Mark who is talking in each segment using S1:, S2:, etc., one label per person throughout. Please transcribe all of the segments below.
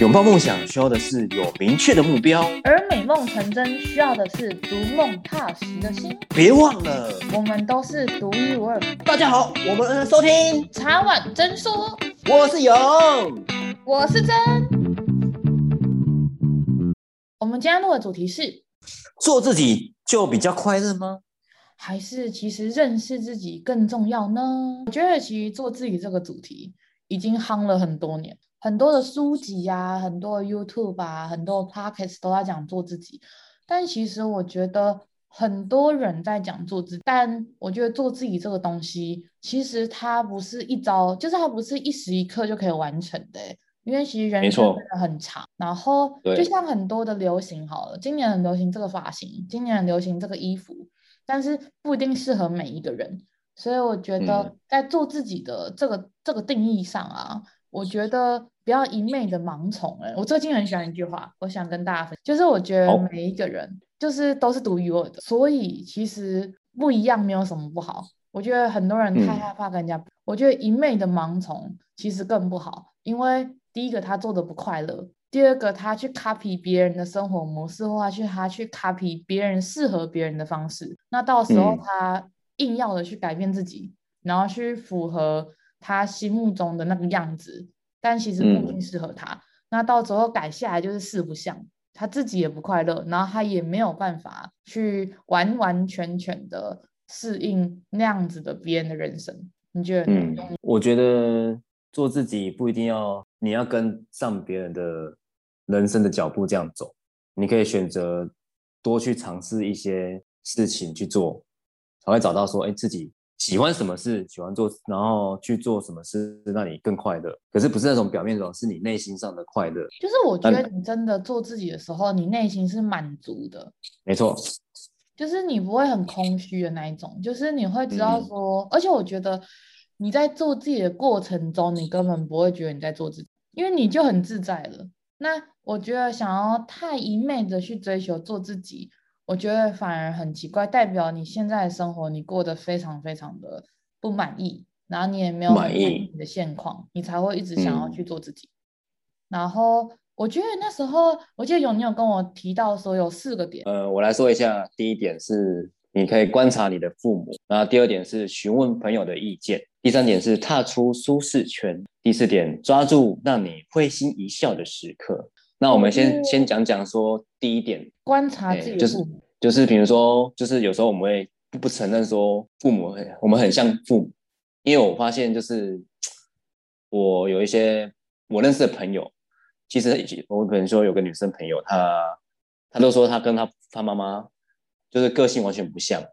S1: 擁抱夢想需要的是有明確的目標，
S2: 而美夢成真需要的是逐夢踏實的心。別忘了，我們都是獨一無二。大
S1: 家好，我們收聽
S2: 茶碗真說。
S1: 我是游，
S2: 我是真。嗯，我們今天錄的主題是：
S1: 做自己就比較快樂嗎？
S2: 還是其實認識自己更重要呢？我覺得，其實做自己這個主題已經夯了很多年。很多的書籍啊，很多 YouTube 啊，很多 Podcast 都在講做自己，但其實我覺得很多人在講做自己，但我覺得做自己這個東西，其實它不是一招，就是它不是一時一刻就可以完成的、欸，因為其實人生真的很長。錯然後，就像很多的流行好了，對今年很流行這個髮型，今年很流行這個衣服，但是不一定適合每一個人，所以我覺得在做自己的這個、嗯、這個定義上啊，我覺得。不要一昧的盲從哎、欸！我最近很喜歡一句話，我想跟大家分享，就是我覺得每一個人就是都是獨一無二的，oh. 所以其實不一樣沒有什麼不好。我覺得很多人太害怕跟人家比，嗯、我覺得一昧的盲從其實更不好，因為第一個他做得不快樂，第二個他去 copy 別人的生活模式，或者他去他去 copy 別人適合別人的方式，那到時候他硬要的去改變自己，嗯、然後去符合他心目中的那個樣子。但其實不一定適合他，嗯、那到時候改下來就是四不像，他自己也不快樂，然後他也沒有辦法去完完全全的適應那樣子的別人的人生，你覺
S1: 得呢、嗯？我覺得做自己不一定要，你要跟上別人的人生的腳步這樣走，你可以選擇多去嘗試一些事情去做，才會找到說，哎、欸，自己。喜歡什麼事，喜歡做，然後去做什麼事讓你更快樂。可是不是那種表面上，是你內心上的快樂。
S2: 就是我覺得你真的做自己的時候，但你內心是滿足的。
S1: 沒錯，
S2: 就是你不會很空虛的那一種，就是你會知道說，嗯、而且我覺得你在做自己的過程中，你根本不會覺得你在做自己，因為你就很自在了。那我覺得想要太一味的去追求做自己。我覺得反而很奇怪，代表你現在的生活你過得非常非常的不滿意，然後你也沒有滿意你的現況，滿意。你才會一直想要去做自己。嗯、然後我覺得那時候我記得有你有跟我提到說有四個點，
S1: 呃，我來說一下，第一點是你可以觀察你的父母，然後第二點是詢問朋友的意見，第三點是踏出舒適圈，第四點抓住讓你會心一笑的時刻。那我們先先講講說第一點，
S2: 觀察自己就是
S1: 就是，比如說就是有時候我們會不不承認說父母，我們很像父母，因為我發現就是我有一些我認識的朋友，其實我可能說有個女生朋友，她她都說她跟她她媽媽就是個性完全不像，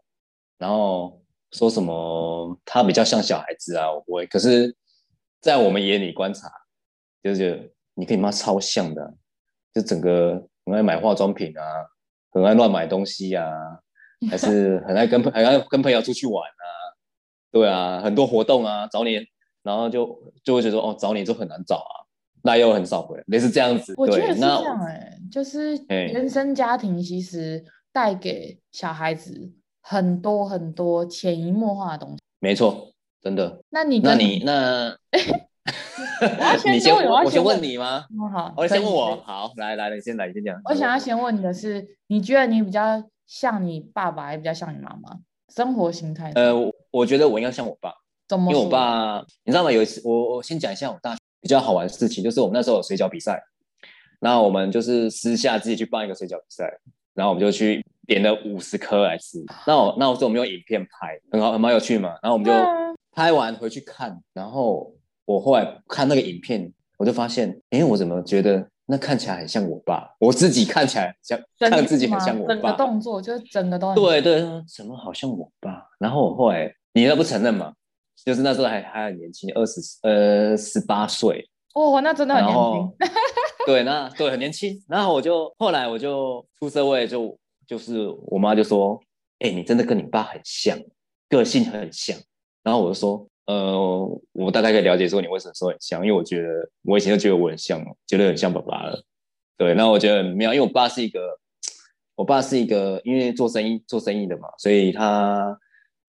S1: 然後說什麼她比較像小孩子啊，我不會，可是在我們眼裡觀察，就是你跟你媽超像的。就整個很愛買化妝品啊，很愛亂買東西啊，還是很愛跟很愛跟朋友出去玩啊， 對啊，很多活動啊，找你，然後就就會覺得哦，找你就很難找啊，那又很少回來，類似這樣子。對我覺得是這樣哎、
S2: 欸，那就是原生家庭其實帶給小孩子很多很多潛移默化的東
S1: 西。沒錯，真的。那你那你那。
S2: 我要先，我，要我先問你嗎？哦、好，我先問我。以
S1: 好，來來，你先來，先講。我想要
S2: 先問你的是，你覺得你比較像你爸爸，還是比較像你媽媽？生活型態？呃
S1: 我，我覺得我應該像我爸，怎麼說？因為我爸，你知道嗎？有一次，我我先講一下我大學比較好玩的事情，就是我們那時候有水餃比賽，那我們就是私下自己去辦一個水餃比賽，然後我們就去點了五十顆來吃。我那我那我說我們用影片拍，很好很蠻有趣嘛。然後我們就拍完回去看，然後。我後來看那個影片，我就發現，哎、欸，我怎麼覺得那看起來很像我爸？我自己看起來很像，看自己很像我爸。整個動
S2: 作，就整個都很
S1: 對對，怎麼好像我爸？然後我後來，你都不承認嘛？就是那時候還還很年輕，二十呃十八歲
S2: 哦，那真的很年輕
S1: 後。 對，那對很年輕。然後我就後來我就出社會，就就是我媽就說，哎、欸，你真的跟你爸很像，個性很像。嗯、然後我就說。呃，我大概可以了解說你為什麼說很像，因為我覺得我以前就覺得我很像，覺得很像爸爸了。對，那我覺得沒有，因為我爸是一個，我爸是一個，因為做生意做生意的嘛，所以他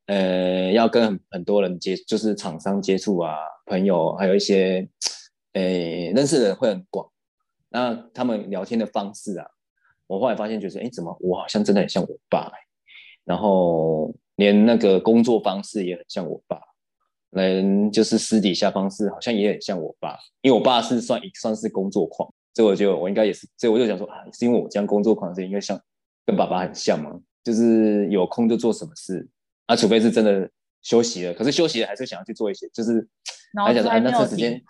S1: 呃要跟很，很多人接，就是廠商接觸啊，朋友還有一些誒，呃，認識的人會很廣。那他們聊天的方式啊，我後來發現就是，哎，怎麼我好像真的很像我爸，欸，然後連那個工作方式也很像我爸。可能就是私底下方式好像也很像我爸，因為我爸是算算是工作狂，所以我就我應該也是，所以我就想說啊，是因為我這樣工作狂，是因為像跟爸爸很像嗎？就是有空就做什麼事啊，除非是真的休息了，可是休息了還是想要去做一些，就是
S2: 腦子還沒有停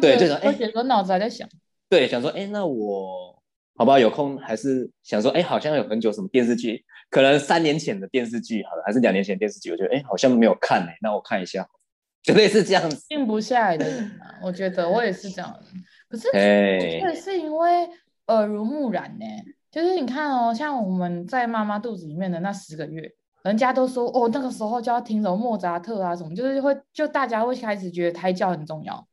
S2: 對了對，哎，欸，我腦子還在想。
S1: 對。想說哎、欸，那我好吧，有空還是想說哎、欸，好像有很久什麼電視劇，可能三年前的電視劇好了，還是兩年前的電視劇，我覺得哎、欸，好像沒有看呢、欸，那我看一下。絕對是這樣
S2: 子，靜不下來的人、啊、 我覺得我也是這樣子， 可是這個是因為耳濡目染呢、欸。Hey. 就是你看哦，像我們在媽媽肚子裡面的那十個月，人家都說哦，那個時候就要聽什麼莫扎特啊什麼，就是會就大家會開始覺得胎教很重要。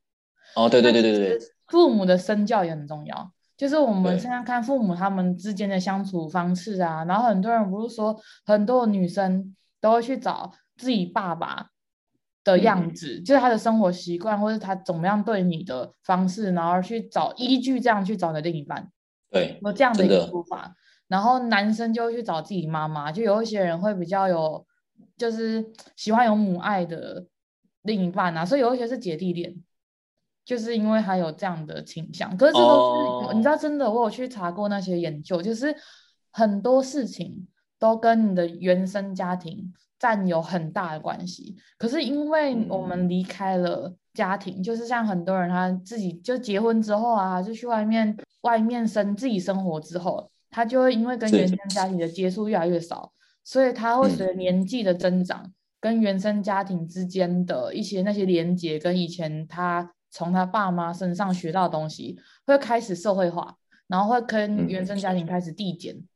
S1: 哦，對對對對對對，
S2: 父母的身教也很重要。對對對，對就是我們現在看，看父母他們之間的相處方式啊，對然後很多人不是說很多女生都會去找自己爸爸
S1: 的樣子，
S2: 嗯嗯，就是他的生活習慣，或者他怎麼樣對你的方式，然後去找依據，這樣去找的另一半，
S1: 對，有這樣的一個說
S2: 法。真的。然後男生就會去找自己媽媽，就有一些人會比較有，就是喜歡有母愛的另一半啊。所以有一些是姐弟戀，就是因為他有這樣的傾向。可是這都是，oh. 你知道，真的，我有去查過那些研究，就是很多事情。都跟你的原生家庭佔有很大的關係。可是因為我們離開了家庭，就是像很多人他自己就結婚之後啊，就去外面外面生自己生活之後，他就會因為跟原生家庭的接觸越來越少，所以他會隨着年紀的增長，跟原生家庭之間的一些那些連結跟以前他從他爸媽身上學到的東西，會開始社會化，然後會跟原生家庭開始遞減。嗯。嗯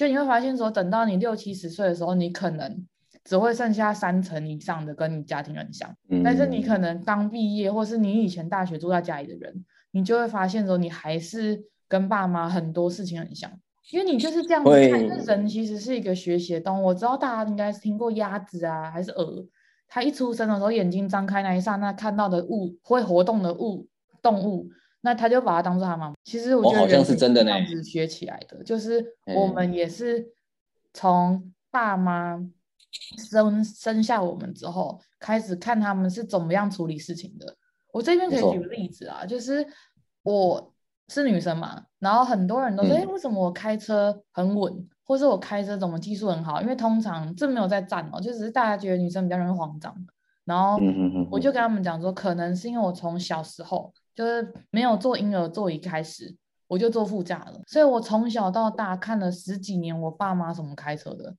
S2: 就你會發現說，等到你六七十歲的時候，你可能只會剩下三成以上的跟你家庭很像。嗯、但是你可能剛畢業，或是你以前大學住在家裡的人，你就會發現說，你還是跟爸媽很多事情很像，因為你就是這樣子看。會人其實是一個學習的動物，我知道大家應該是聽過鴨子啊，還是鵝，它一出生的時候眼睛張開那一剎那看到的物會活動的物動物。那他就把他當做他媽媽。其實我覺得像是那樣子學起來的，哦好像是真的欸、就是我們也是從爸媽生、嗯、生下我們之後，開始看他們是怎麼樣處理事情的。我這邊可以舉個例子啊，沒錯。就是我是女生嘛，然後很多人都說，哎、嗯，為什麼我開車很穩，或是我開車怎麼技術很好？因為通常這沒有在站哦，就只是大家覺得女生比較容易慌張。然後我就跟他們講說，嗯、哼哼可能是因為我從小時候。就是沒有坐嬰兒座椅開始，我就坐副駕了。所以我從小到大看了十幾年我爸媽怎麼開車的，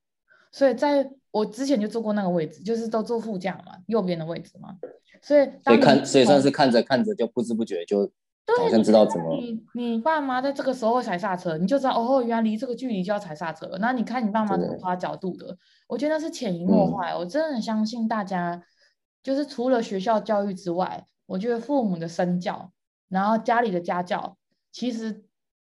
S2: 所以在我之前就坐過那個位置，就是都坐副駕嘛，右邊的位置嘛。所以所以看所以算是看
S1: 着看着就不知不覺就對，好像知道怎麼，
S2: 你你爸媽在這個時候踩剎車，你就知道哦，原來離這個距離就要踩剎車。那你看你爸媽怎麼花角度的，對我覺得那是潛移默化。嗯、我真的很相信大家，就是除了學校教育之外。我覺得父母的身教，然後家裡的家教，其實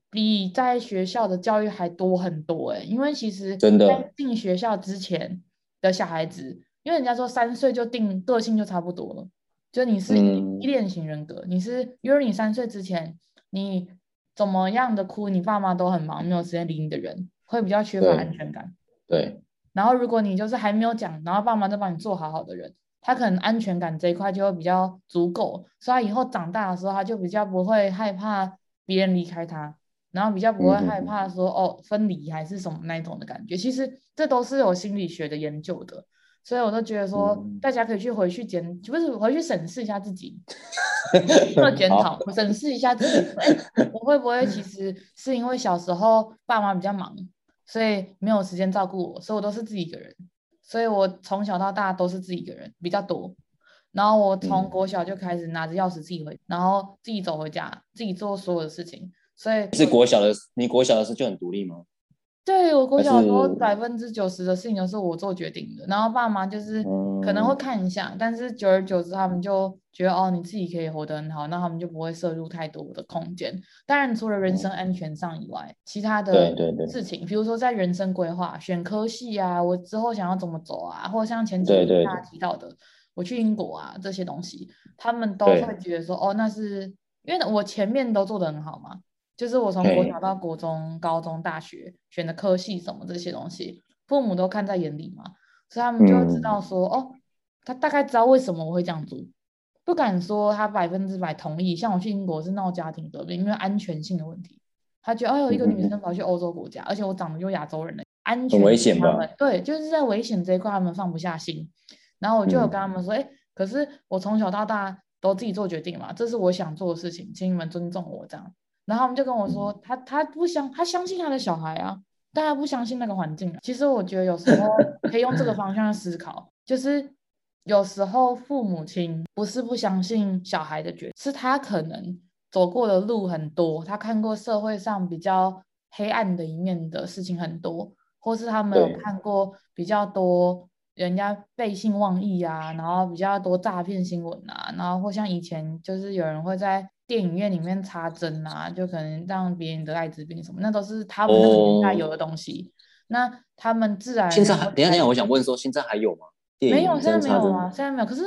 S2: 比在學校的教育還多很多，欸。哎，因為其實真的進學校之前的小孩子，的因為人家說三歲就定個性就差不多了。就你是依戀型人格，嗯、你是因為你三歲之前你怎麼樣的哭，你爸媽都很忙，沒有時間理你的人，會比較缺乏安全感。對。
S1: 對，
S2: 然後如果你就是還沒有講，然後爸媽再幫你做好好的人。他可能安全感這一塊就會比較足夠，所以他以後長大的時候，他就比較不會害怕別人離開他，然後比較不會害怕說哦，分離還是什麼那一種的感覺。嗯、其實這都是有心理學的研究的，所以我都覺得說，大家可以去回去檢，就、嗯、不是回去審視一下自己，
S1: 做 檢討，
S2: 審 好視一下自己，欸，我會不會其實是因為小時候爸媽比較忙，所以沒有時間照顧我，所以我都是自己一個人。所以我從小到大都是自己一個人比較多，然後我從國小就開始拿着鑰匙自己回，嗯、然後自己走回家，自己做所有的事情。所以是國
S1: 小的，你國小的時候就很獨立嗎？
S2: 對我國小的時候百分之九十的事情都是我做決定的，是然後爸媽就是可能會看一下，嗯、但是久而久之他們就覺得哦你自己可以活得很好，那他們就不會涉入太多的空間。當然除了人身安全上以外，嗯、其他的事情，比如說在人生規劃、選科系啊，我之後想要怎麼走啊，或者像前幾天大家提到的，對對對我去英國啊這些東西，他們都會覺得說對哦，那是因為我前面都做得很好嘛。就是我從國小到國中、高中、大學嘿選的科系什麼這些東西，父母都看在眼裡嘛，所以他們就會知道說、嗯、哦，他大概知道為什麼我會這樣做，不敢說他百分之百同意。像我去英國是鬧家庭革命，因為安全性的問題，他覺得哦、哎，一個女生跑去歐洲國家，嗯、而且我長得又亞洲人的安全的，危險吧？對，就是在危險這一塊，他們放不下心。然後我就有跟他們說，哎、嗯欸，可是我從小到大都自己做決定嘛，這是我想做的事情，請你們尊重我這樣。然後他們就跟我說，他他不相，他相信他的小孩啊，但他不相信那個環境啊。其實我覺得有時候可以用這個方向思考， 就是有時候父母親不是不相信小孩的決定，是他可能走過的路很多，他看過社會上比較黑暗的一面的事情很多，或是他們有看過比較多人家背信忘義啊，然後比較多詐騙新聞啊，然後或像以前就是有人會在。電影院裡面插針啊，就可能讓別人得艾滋病什麼，那都是他們那個年代有的東西。哦、那他們自然現在還等……等一下，我
S1: 想問說，現在還有嗎？沒有，現在沒有啊，
S2: 現在沒有。可是，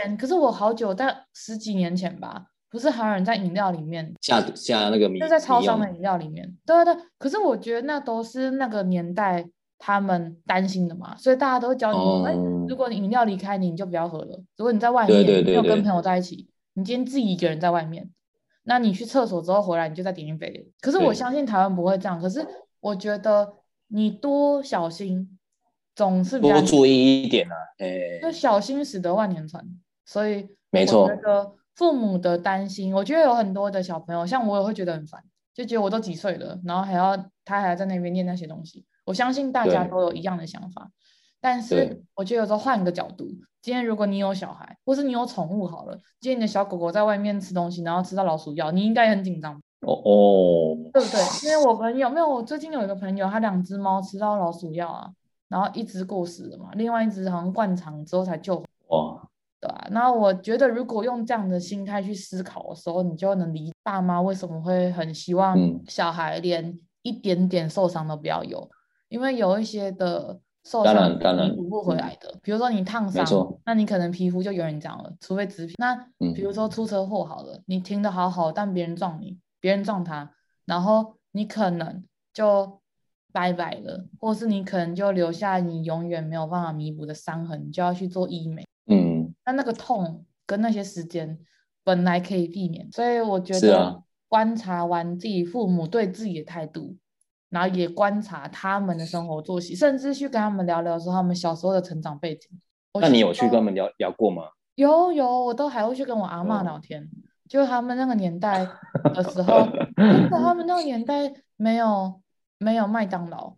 S2: 啊、可是我好久，在，十幾年前吧，不是還有人在飲料裡面
S1: 下下那個迷就在超商的飲
S2: 料裡面，藥對啊對。可是我覺得那都是那個年代他們擔心的嘛，所以大家都會教你，哦、哎，如果你飲料離開你，你就不要喝了。如果你在外面對對對對你有跟朋友在一起。你今天自己一個人在外面，那你去廁所之後回來，你就再點一
S1: 杯。可是我相
S2: 信台灣不會這樣。對可是我覺得你多小心，總是比較多注意
S1: 一點啊。
S2: 就小心駛得萬年船，所以我沒錯我覺得父母的擔心，我覺得有很多的小朋友，像我也會覺得很煩，就覺得我都幾歲了，然後還要他還在那邊念那些東西。我相信大家都有一樣的想法。但是我覺得有時候換一個角度，對今天如果你有小孩，或是你有寵物好了，今天你的小狗狗在外面吃東西，然後吃到老鼠藥，你應該很緊張哦
S1: 哦，
S2: 對不對？因為我朋友沒有，我最近有一個朋友，他兩隻貓吃到老鼠藥啊，然後一隻過世了嘛，另外一隻好像灌腸之後才救活。哇、哦，對啊。那我覺得如果用這樣的心態去思考的時候，你就能理解爸媽為什麼會很希望小孩連一點點受傷都不要有，嗯、因為有一些的。受傷，當然你補不回來的。嗯、比如說你燙傷，沒錯，那你可能皮膚就永遠這樣了，除非植皮。那比如說出車禍好了，嗯、你停的好好，但別人撞你，別人撞他，然後你可能就拜拜了，或是你可能就留下你永遠沒有辦法彌補的傷痕，你就要去做醫美。嗯，那那個痛跟那些時間本來可以避免，所以我覺得觀察完自己父母對自己的態度。然後也觀察他們的生活作息，甚至去跟他們聊聊說他們小時候的成長背景。那你有去
S1: 跟他們聊他們聊、聊過嗎？
S2: 有有，我都還會去跟我阿嬤聊天，哦、就他們那個年代的時候， 他們那個年代沒有 沒有麥當勞，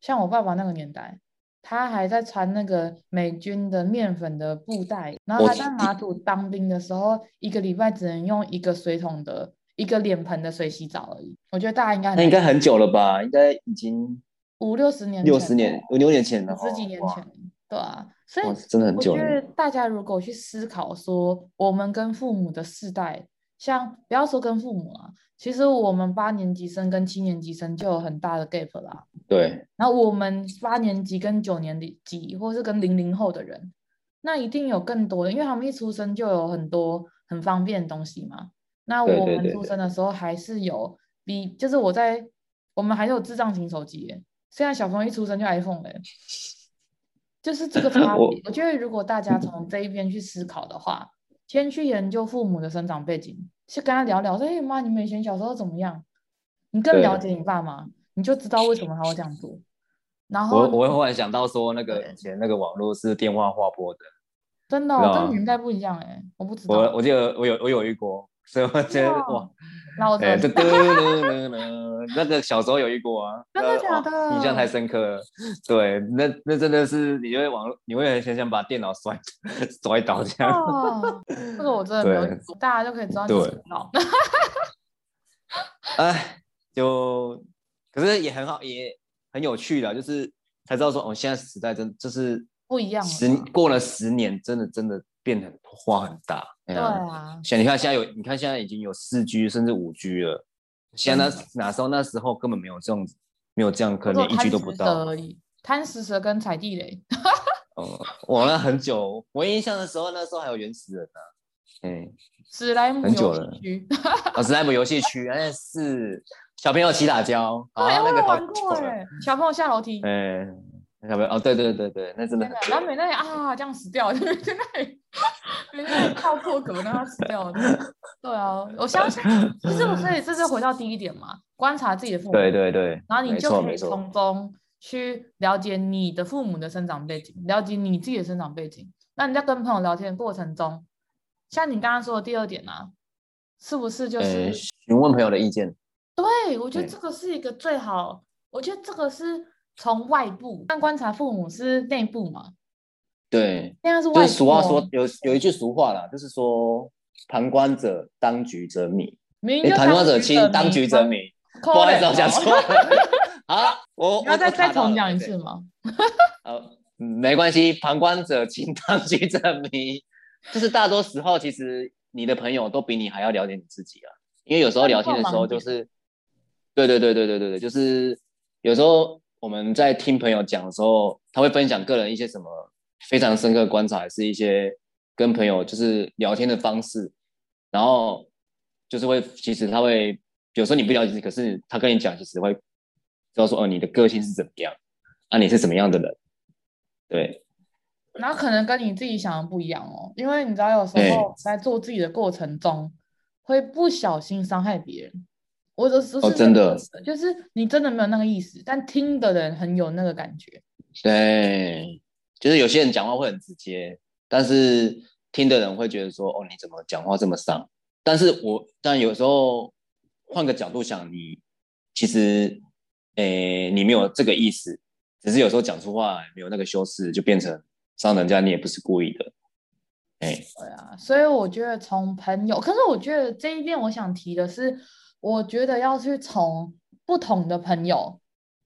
S2: 像我爸爸那個年代，他還在穿那個美軍的麵粉的布袋，然後他在馬祖當兵的時候， 一個禮拜只能用一個水桶的。一個臉盆的水洗澡而已，我覺得大家應該那應該很久
S1: 了吧？應該已經
S2: 五六十年前、六十年、
S1: 五六年前了，十幾年前，哇對啊。
S2: 所以真的很久。就是大家如果去思考說，我們跟父母的世代，像不要說跟父母啊，其實我們八年級生跟七年級生就有很大的 gap 啦。
S1: 對，
S2: 然後我們八年級跟九年級，或是跟零零後的人，那一定有更多的，因為他們一出生就有很多很方便的東西嘛。那我們出生的時候還是有比，就是我在我們還是有智障型手機，現在小朋友一出生就 iPhone 哎，就是這個差別。我覺得如果大家從這一邊去思考的話，先去研究父母的生長背景，去跟他聊聊說，哎媽，你們以前小時候怎麼樣？你更了解你爸媽，你就知道為什麼他會這樣做。然後我
S1: 我忽然想到說，那個以前那個網絡是電話話撥的，
S2: 真的，跟年代不一樣哎，我不知道。我
S1: 我記得我有我有一過。 所以我
S2: 覺得，哇，哎真、欸，嘟嘟
S1: 嘟嘟， 那個小時候有一鍋啊，真的假的？印象、呃、太深刻了。對，那那真的是，你會往，你會很想想把電腦摔摔倒這樣。哦、 這
S2: 個我真的沒有，對大家都可以抓電腦。
S1: 哎對、 呃，就可是也很好，也很有趣的，就是才知道說，我、哦、們現在時代真就是不一樣了。十過了十年，真的真的。變很化很大，欸、啊對啊，像你看現在有，你看現在已經有四 G 甚至五 G 了，像那那、嗯、時候那時候根本沒有這種，沒有這樣可能一 G 都不到
S2: 貪食蛇跟踩地雷， 哦，
S1: 玩了很久，我印象的時候那時候還有原始人呢、啊，嗯、欸，
S2: 史萊姆很久了，
S1: 啊、 哦、史萊姆遊戲區那是小朋友齊打交，對，啊、對那個玩過哎，
S2: 小朋友下樓梯，哎、欸。
S1: 哦，對對對對，
S2: 那真的，然後每那裡啊，這樣死掉了，真的，每那裡靠破格讓他死掉了對。對啊，我相信 這是不是這是回到第一點嘛，觀察自己的父母。對
S1: 對對，然後你就可以錯從
S2: 中去了解你的父母的生長背景，錯了解你自己的生長背景。那你在跟朋友聊天的過程中，像你剛剛說的第二點啊，是不是就
S1: 是詢問朋友的意見？
S2: 對，我覺得這個是一個最好，對我覺得這個是。從外部，但觀察父母是內部嘛。
S1: 對，現是外。就是俗話說有有一句俗話啦，就是說旁觀者當局者迷，
S2: 欸，旁觀者清，當局者
S1: 迷。我來再講錯，好 我，我要再我再重講一次嗎？ 沒關係，旁觀者清，當局者迷，就是大多時候其實你的朋友都比你還要了解你自己啊，因為有時候聊天的時候就是，對對對對對對對，就是有時候。我們在聽朋友講的時候，他會分享個人一些什麼非常深刻的觀察，還是一些跟朋友就是聊天的方式，然後就是會，其實他會有時候你不了解自己，可是他跟你講，其實會知道說，哦，你的個性是怎麼樣，那、啊、你是怎麼樣的人？對。
S2: 那可能跟你自己想的不一樣哦，因為你知道有時候在做自己的過程中，欸、會不小心傷害別人。我就是、哦、真的，就是你真的沒有那個意思，但聽的人很有那個感覺。
S1: 對，就是有些人講話會很直接，但是聽的人會覺得說：“哦，你怎麼講話這麼喪？”但是我但有時候換個角度想你，你其實哎，你沒有這個意思，只是有時候講出話沒有那個修飾，就變成傷人家，你也不是故意的。哎，對啊，
S2: 所以我覺得從朋友，可是我覺得這一遍，我想提的是。我覺得要去從不同的朋友，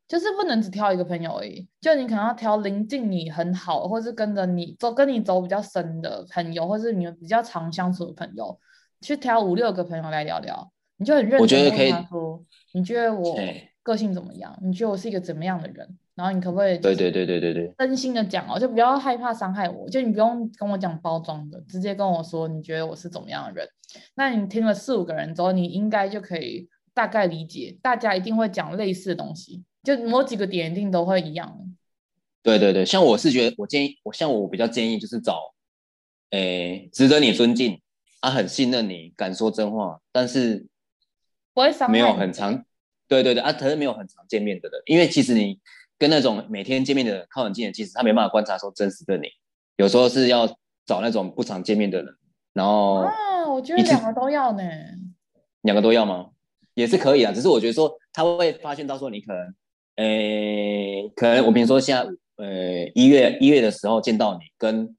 S2: 就是不能只挑一個朋友而已。就你可能要挑臨近你很好，或是跟着你走、跟你走比較深的朋友，或是你們比較常相處的朋友，去挑五六個朋友來聊聊。你就很認真跟他說：“我覺得可以你覺得我個性怎麼樣？對 你覺得我是一個怎麼樣的人？”然後你可不可以對
S1: 對對對對對
S2: 真心的講哦，對對對對對，就不要害怕傷害我，就你不用跟我講包裝的，直接跟我說你覺得我是怎麼樣的人。那你聽了四五個人之後，你應該就可以大概理解，大家一定會講類似的東西，就某幾個點一定都會一樣。
S1: 對對對，像我是覺得，我建議，我像我比較建議就是找誒值得你尊敬，啊很信任你，敢說真話，但是
S2: 不會傷害，沒有很
S1: 常，對對對啊，可能沒有很常見面的人，因為其實你。跟那種每天見面的、靠很近的，其實他沒辦法觀察說真實的你，有時候是要找那種不常見面的人，然後
S2: 啊、哦，我覺得兩個都要呢，
S1: 兩個都要嗎？也是可以啊，只是我覺得說他會發現到說你可能，誒，可能我比如說現在一月一月的時候見到你跟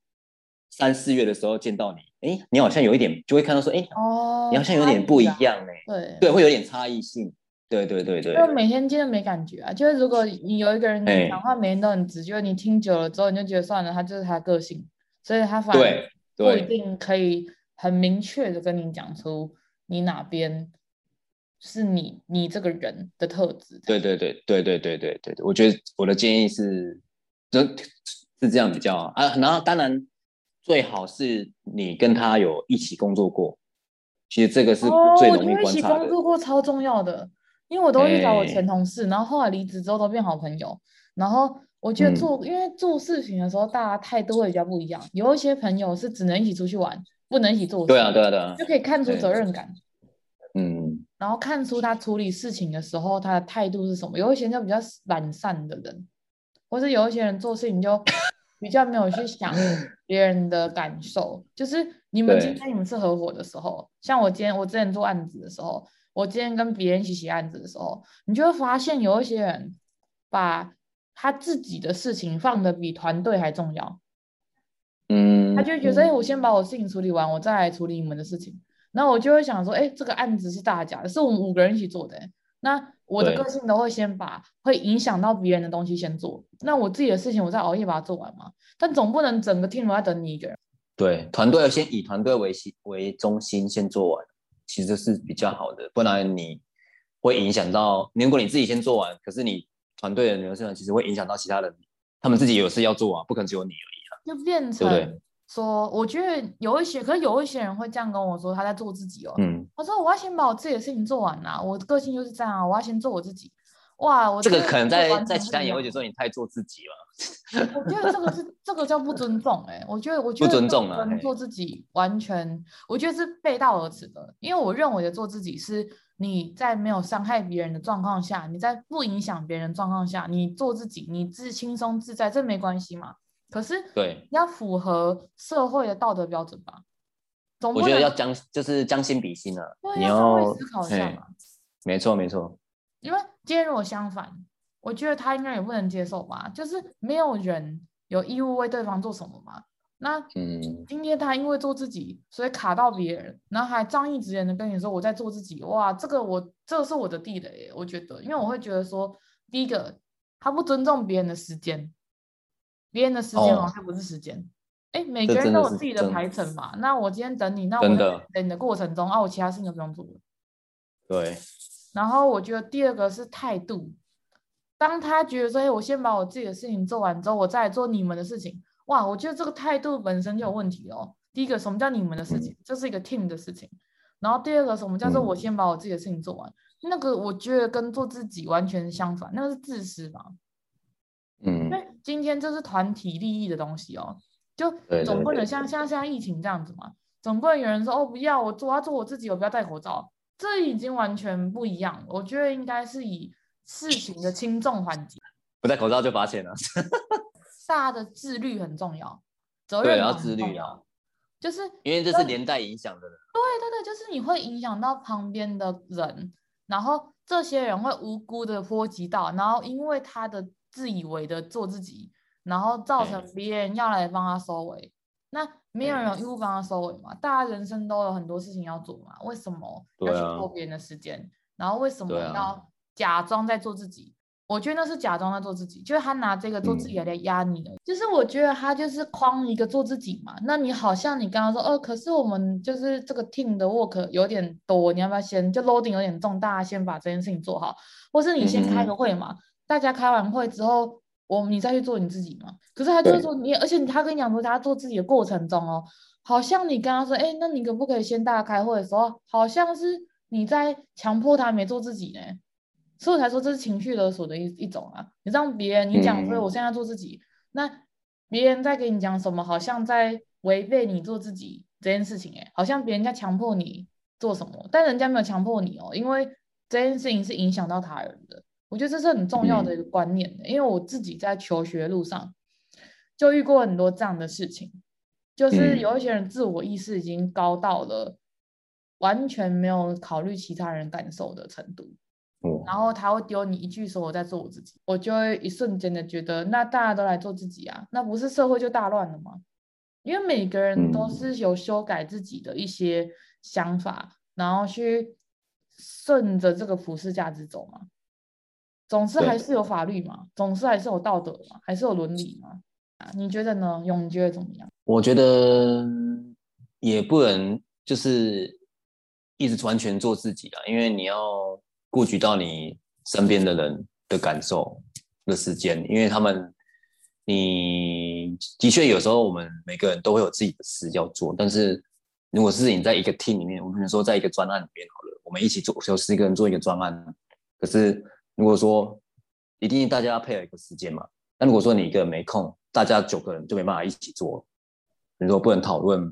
S1: 三四月的時候見到你，哎，你好像有一點就會看到說，哎，哦，你好像有點不一樣哎、欸、啊、對，對，會有點差異性。對對對對，因為
S2: 每天真的沒感覺啊！就是如果你有一個人講話沒那麼直覺，就、欸、你聽久了之後，你就覺得算了，他就是他個性，所以他反而不一定可以很明確的跟你講出你哪邊是你，你這個人的特質，
S1: 對對對。對對對對對對對對，我覺得我的建議是，是是這樣比較啊。然後當然最好是你跟他有一起工作過，其實這個是最容易觀察的、哦、我一起工
S2: 作過，超重要的。因為我都會去找我前同事，hey, 然後後來離職之後都變好朋友。然後我覺得做，嗯、因為做事情的時候，大家態度會比較不一樣。有一些朋友是只能一起出去玩，不能一起做事。對啊，對啊，對啊，就可以看出責任感。嗯。然後看出他處理事情的時候，他的態度是什麼？有一些就比較懶散的人，或是有一些人做事情就比較沒有去想別人的感受。就是你們今天你們是合夥的時候，對像我今天我之前做案子的時候。我今天跟別人一起寫案子的時候，你就會發現有一些人把他自己的事情放得比團隊還重要。嗯，
S1: 他就會覺得，
S2: 哎、欸，我先把我事情處理完，我再來處理你們的事情。那我就會想說，哎、欸，這個案子是大家的，是我們五個人一起做的，欸。那我的個性都會先把對會影響到別人的東西先做，那我自己的事情我再熬夜把它做完嘛。但總不能整個 team 都在等你一個人。
S1: 對，團隊先以團隊為心為中心，先做完。其實是比較好的，不然你會影響到。如果你自己先做完，可是你團隊的人些其實會影響到其他人，他們自己有事要做啊，不可能只有你而已啊。
S2: 就變成對對說，我覺得有一些，可是有一些人會這樣跟我說，他在做自己哦。嗯，他說我要先把我自己的事情做完啦啊，我的個性就是這樣啊，我要先做我自己。哇，我這個可能在在其他也會覺
S1: 得說你太做自己了、 這個欸。
S2: 我覺得這個是這個叫不尊重哎，我覺得我覺得不尊重了。做自己完全，啊、我覺得是背道而馳的。因為我認為的做自己是，你在沒有傷害別人的狀況下，你在不影響別人狀況下，你做自己，你自輕鬆自在，這沒關係嘛。
S1: 可是對，
S2: 要符合社會的道德標準吧，總不能，我覺得要
S1: 將就是將心比心了、啊。啊、你要，要思考一下嘛。沒錯沒錯。
S2: 因為今天如果相反，我覺得他應該也不能接受吧？就是沒有人有義務為對方做什麼嘛。那今天他因為做自己，嗯、所以卡到別人，然後還仗義直言地跟你說我在做自己。哇，這個我這個、是我的地雷，我覺得，因為我會覺得說，第一個他不尊重別人的時間，別人的時間完全、哦、不是時間。哎，每個人都有自己的排程嘛。那我今天等你，那我真的等的過程中，啊，我其他事情都不用做了。
S1: 對。
S2: 然後我覺得第二個是態度，當他覺得說，哎，我先把我自己的事情做完之後，我再做你們的事情，哇，我覺得這個態度本身就有問題哦。第一個，什麼叫你們的事情？嗯、這是一個 team 的事情。然後第二個，什麼叫做我先把我自己的事情做完？嗯、那個我覺得跟做自己完全相反，那個是自私嘛。嗯。
S1: 因
S2: 為今天就是團體利益的東西哦，就總不能像對對對對像像疫情這樣子嘛，總不能有，有人說，哦，不要，我做，要做我自己，我不要戴口罩。這已經完全不一樣，我覺得應該是以事情的輕重緩急。
S1: 不戴口罩就罰錢了。
S2: 大的自律很重要，重要。對，要自律啊。就是因為這是連帶影響的。對對對，就是你會影響到旁邊的人，然後這些人會無辜的波及到，然後因為他的自以為的做自己，然後造成別人要來幫他收尾。那沒有人有義務幫他收尾嘛？大家人生都有很多事情要做嘛？為什麼要去拖別人的時間？啊、然後為什麼要假裝在做自己？啊、我覺得那是假裝在做自己，就是他拿這個做自己來，來壓你。嗯、就是我覺得他就是框一個做自己嘛。那你好像你剛剛說，哦，可是我們就是這個 team 的 work 有點多，你要不要先就 loading 有點重，大家先把這件事情做好，或是你先開個會嘛？嗯嗯嗯，大家開完會之後。我你再去做你自己嘛？可是他就是說你，而且他跟你講說他做自己的過程中哦，好像你跟他說，哎、欸，那你可不可以先大家開會的時候，好像是你在強迫他沒做自己呢？所以我才說這是情緒勒索的一一種啊。你讓別人你講說我現在要做自己，嗯、那別人在給你講什麼，好像在違背你做自己這件事情哎，好像別人在強迫你做什麼，但人家沒有強迫你哦，因為這件事情是影響到他人的。我覺得這是很重要的一個觀念，嗯，因為我自己在求學路上就遇過很多這樣的事情，就是有一些人自我意識已經高到了完全沒有考慮其他人感受的程度，嗯，然後他會丟你一句說我在做我自己，我就會一瞬間的覺得，那大家都來做自己啊，那不是社會就大亂了嗎？因為每個人都是有修改自己的一些想法，嗯，然後去順着這個服飾價值走嘛。總是還是有法律嘛，對總是還是有道德嘛，還是有倫理嘛？你覺得呢？勇，你覺得怎麼樣？
S1: 我覺得也不能就是一直完全做自己了，因為你要顧及到你身邊的人的感受的時間，因為他們你，你的確有時候我們每個人都會有自己的事要做，但是如果是你在一個 team 裡面，我們可能說在一個專案裡面好了，我們一起做，是一個人做一個專案，可是。如果說一定大家要配合一個時間嘛，那如果說你一個人沒空，大家九個人就沒辦法一起做。比如說不能討論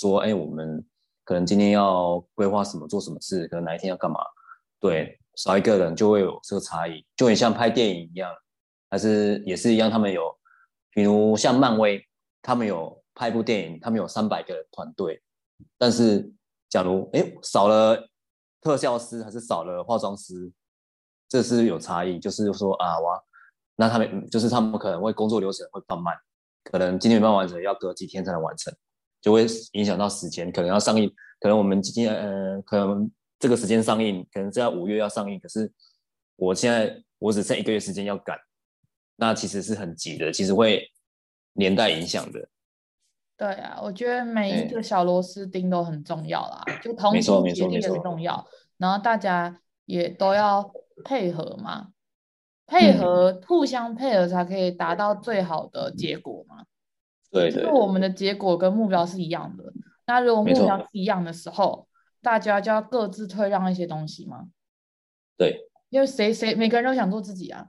S1: 說，說哎，我們可能今天要規劃什麼，做什麼事，可能哪一天要幹嘛？對，少一個人就會有這個差異，就很像拍電影一樣，還是也是一樣。他們有，比如像漫威，他們有拍部電影，他們有三百個團隊，但是假如哎少了特效師，還是少了化妝師。這是有差異，就是說啊哇，那他們就是他們可能會工作流程會放慢，可能今天沒完成，要隔幾天才能完成，就會影響到時間，可能要上映，可能我們今天嗯、呃，可能這個時間上映，可能在五月要上映，可是我現在我只剩一個月時間要趕，那其實是很急的，其實會連帶影響的。
S2: 對啊，我覺得每一個小螺絲釘都很重要啦，欸、就同時也對很重要，然後大家也都要。配合嘛，配合，互相配合才可以達到最好的結果嘛，嗯，
S1: 對，對，對，就是我
S2: 們的結果跟目標是一樣的。那如果目標是一樣的時候，大家就要各自退讓一些東西嘛。
S1: 對，
S2: 因為誰誰每個人都想做自己啊，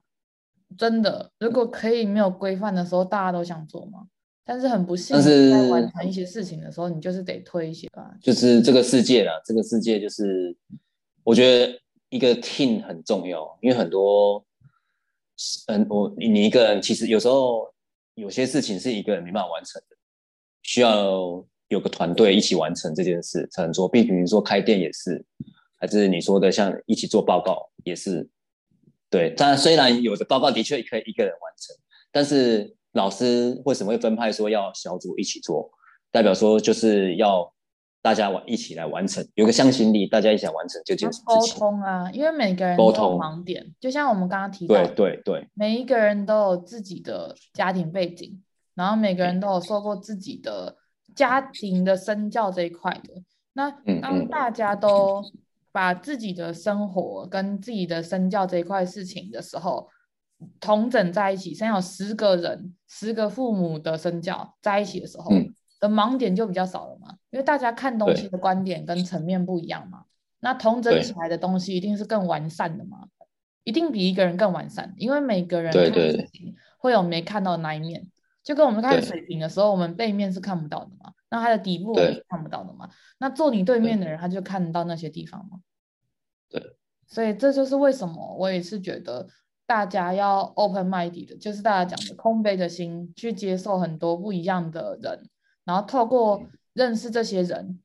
S2: 真的。如果可以沒有規範的時候，嗯、大家都想做嘛。但是很不幸，但是在完成一些事情的時候，你就是得推一些吧。就是
S1: 這個世界啊，這個世界就是，我覺得。一個 team 很重要，因為很多，嗯，我，你一個人其實有時候有些事情是一個人沒辦法完成的，需要有個團隊一起完成這件事才能做。比，比如說開店也是，還是你說的像一起做報告也是，對。但雖然有的報告的確可以一個人完成，但是老師為什麼會分派說要小組一起做，代表說就是要。大家玩一起來完成，有個向心力，大家一起來完成就這溝
S2: 通啊，因為每個人都有盲點，通就像我們剛剛提到，對對對，每一個人都有自己的家庭背景，然後每個人都有說過自己的家庭的身教這一塊的。嗯、那當大家都把自己的生活跟自己的身教這一塊事情的時候，統整在一起，先有十個人，十個父母的身教在一起的時候。嗯的盲點就比較少了嘛，因為大家看東西的觀點跟層面不一樣嘛。對那同整起來的東西一定是更完善的嘛，對一定比一個人更完善，因為每個人會有沒看到的那一面。對對，就跟我們看水瓶的時候，對我們背面是看不到的嘛，對那它的底部也是看不到的嘛。對那坐你對面的人，對他就看得到那些地方嘛。
S1: 對，
S2: 所以這就是為什麼我也是覺得大家要 open minded 的，就是大家講的空杯的心去接受很多不一樣的人。然後透過認識這些人，嗯、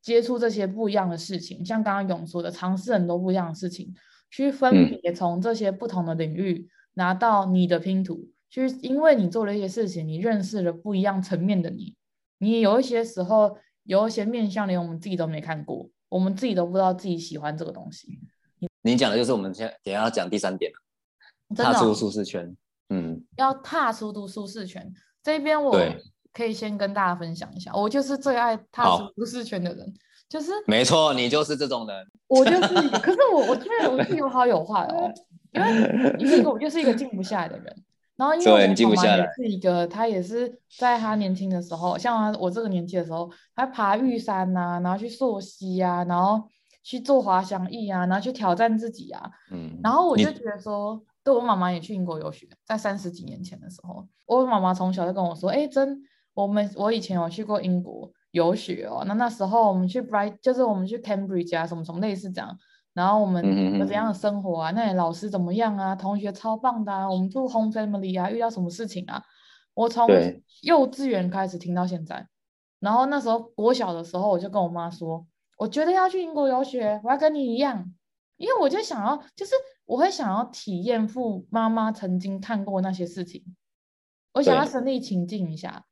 S2: 接觸這些不一樣的事情，像剛剛勇說的，嘗試很多不一樣的事情，去分別從這些不同的領域、嗯、拿到你的拼圖。其實因為你做了一些事情，你認識了不一樣層面的你，你有一些時候有一些面向，連我們自己都沒看過，我們自己都不知道自己喜歡這個東西。
S1: 你講的就是我們現在等下要講第三點，哦、踏出舒適圈。
S2: 嗯，要踏出度舒適圈。這邊我。可以先跟大家分享一下，我就是最愛踏足舒適圈的人，好就是、就
S1: 是、沒錯，你就是這種人，
S2: 我就是，可是我，我覺得我是有好有壞哦， 因為一個，一個我就是一個靜不下來的人， 然後因為我媽媽也是一個，她也是在她年輕的時候，像我這個年紀的時候，她爬玉山吶、啊，然後去溯溪呀，然後去坐滑翔翼啊，然後去挑戰自己啊，嗯，然後我就覺得說，你 對我媽媽也去英國遊學，在三十幾年前的時候，我媽媽從小就跟我說，哎、欸，真。我們我以前有去過英國遊學哦，那那時候我們去 Bright，就是我們去 Cambridge 家、啊、什麼什麼類似這樣，然後我們有怎樣的生活啊？嗯嗯那老師怎麼樣啊？同學超棒的啊！我們住 Home Family 啊，遇到什麼事情啊？我從幼稚園開始聽到現在，對然後那時候國小的時候我就跟我媽說，我覺得要去英國遊學，我要跟你一樣，因為我就想要，就是我會想要體驗父媽媽曾經看過那些事情，我想要身歷其境一下。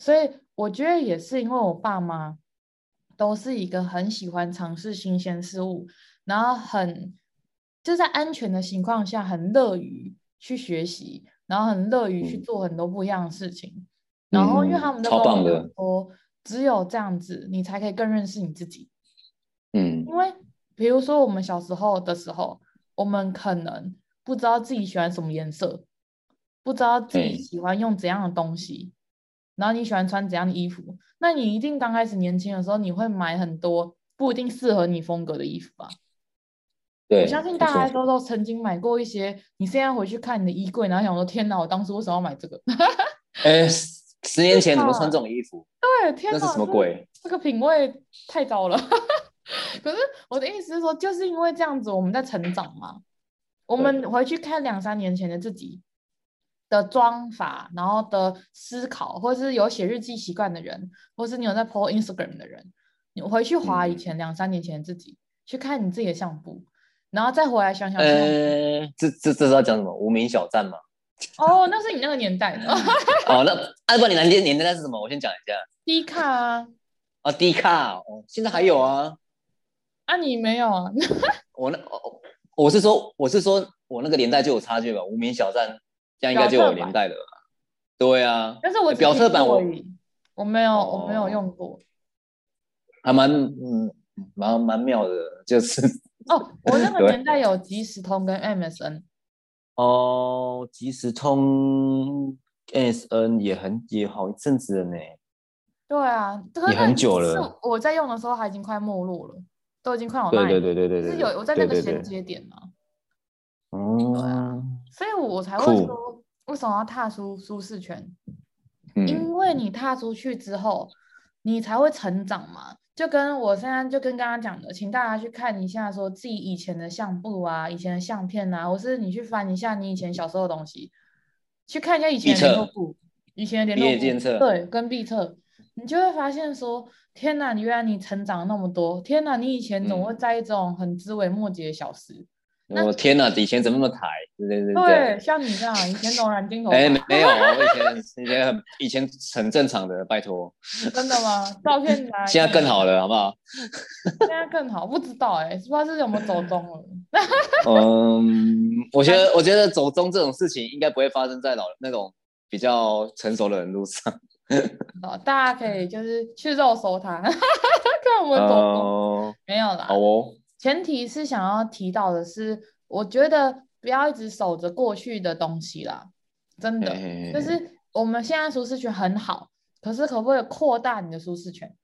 S2: 所以我覺得也是，因為我爸媽都是一個很喜歡嘗試新鮮事物，然後很就是在安全的情況下，很樂於去學習，然後很樂於去做很多不一樣的事情。嗯，然後因為他們都跟我們說，只有這樣子，你才可以更認識你自己。嗯，因為比如說我們小時候的時候，我們可能不知道自己喜歡什麼顏色，不知道自己喜歡用怎樣的東西。嗯。然後你喜歡穿怎樣的衣服？那你一定剛開始年輕的時候，你會買很多不一定適合你風格的衣服吧？對，
S1: 我相信大家都
S2: 都曾經買過一些。錯你現在回去看你的衣櫃，然後想說：“天哪，我當時為什麼要買這個？”
S1: 誒十年前怎麼穿這
S2: 種衣服？啊、對，天哪，這是什麼鬼？這個品味太糟了。 可是我的意思是說，就是因為這樣子，我們在成長嘛。我們回去看兩三年前的自己。的裝法，然後的思考，或是有寫日記習慣的人，或是你有在 po Instagram 的人，你回去滑以前、嗯、兩三年前自己去看你自己的相簿，然後再回來想想看。呃、
S1: 欸，這這這是要講什麼？無名小站嗎？
S2: 哦，那是你那個年代的。
S1: 哦，那按說、啊、你那年代是什麼？我先講一下。D 卡啊。啊、哦，D 卡、啊、哦，現在還有啊？
S2: 啊，你沒有啊？ 我那哦，
S1: 我是我是說我是說我那個年代就有差距吧？無名小站。這樣應該就有年代的吧？對啊，但是我表色版我
S2: 我沒有我沒有用過，哦、
S1: 還蠻嗯蠻蠻妙的，就是
S2: 哦，我那個年代有即時通跟
S1: MSN，哦，即時通 MSN 也很也好一陣子的呢，
S2: 對啊，也很久了，是我在用的時候，它已經快沒落了，都已經快有賣了，對對對對對，是有我在那個銜接點呢。對對對對。哦，嗯、所以我才會說為什麼要踏出舒適圈，
S1: 嗯、因
S2: 為你踏出去之後，你才會成長嘛。就跟我現在就跟剛剛講的，請大家去看一下說自己以前的相簿啊，以前的相片啊，或是你去翻一下你以前小時候的東西，去看一下以前的聯
S1: 絡
S2: 簿、以前聯絡簿，對，跟畢冊，你就會發現說，天哪，你原來你成長那麼多，天吶，你以前總會在一種很枝微末節的小事。嗯
S1: 我天吶，以前怎麼那麼抬？對對對對，
S2: 像你這樣以前都染金頭髮。沒有，我以前
S1: 以前很以前很正常的，拜託。
S2: 真的嗎？照片來。現在更
S1: 好了，好不好？
S2: 現在更好，不知道哎，不知道是怎麼走鐘
S1: 了。嗯，我覺得我覺得走鐘這種事情應該不會發生在老那種比較成熟的人路上。
S2: 好，大家可以就是去肉搜他，看我們走
S1: 鐘沒有了。好哦。
S2: 前提是想要提到的是，我覺得不要一直守着過去的東西啦，真的，可、欸、是我們現在的舒適圈很好，可是可不可以擴大你的舒適圈？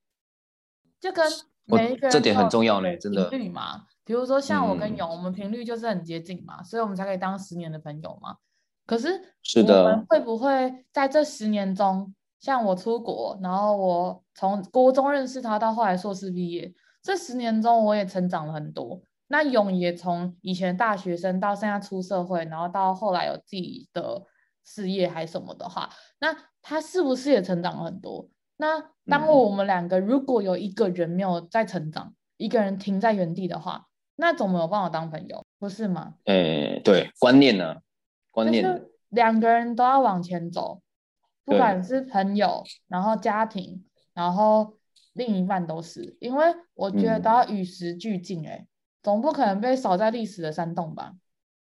S2: 這我跟每一個這點很重要嘞，的真的。頻率嘛，比如說像我跟勇，嗯、我們頻率就是很接近嘛，所以我們才可以當十年的朋友嘛。
S1: 可是我們
S2: 會不會在這十年中，的像我出國，然後我從國中認識他到後來碩士畢業？這十年中，我也成長了很多。那勇也從以前的大學生到現在出社會，然後到後來有自己的事業還什麼的話，那他是不是也成長了很多？那當我們兩個如果有一個人沒有在成長，嗯、一個人停在原地的話，那總沒有辦法當朋友？不是嗎？誒、欸，
S1: 對，觀念呢、啊？觀念，
S2: 是兩個人都要往前走，
S1: 不管是
S2: 朋友，對然後家庭，然後。另一半都是，因為我覺得都要與時俱進、欸，哎、嗯，總不可能被掃在歷史的山洞吧？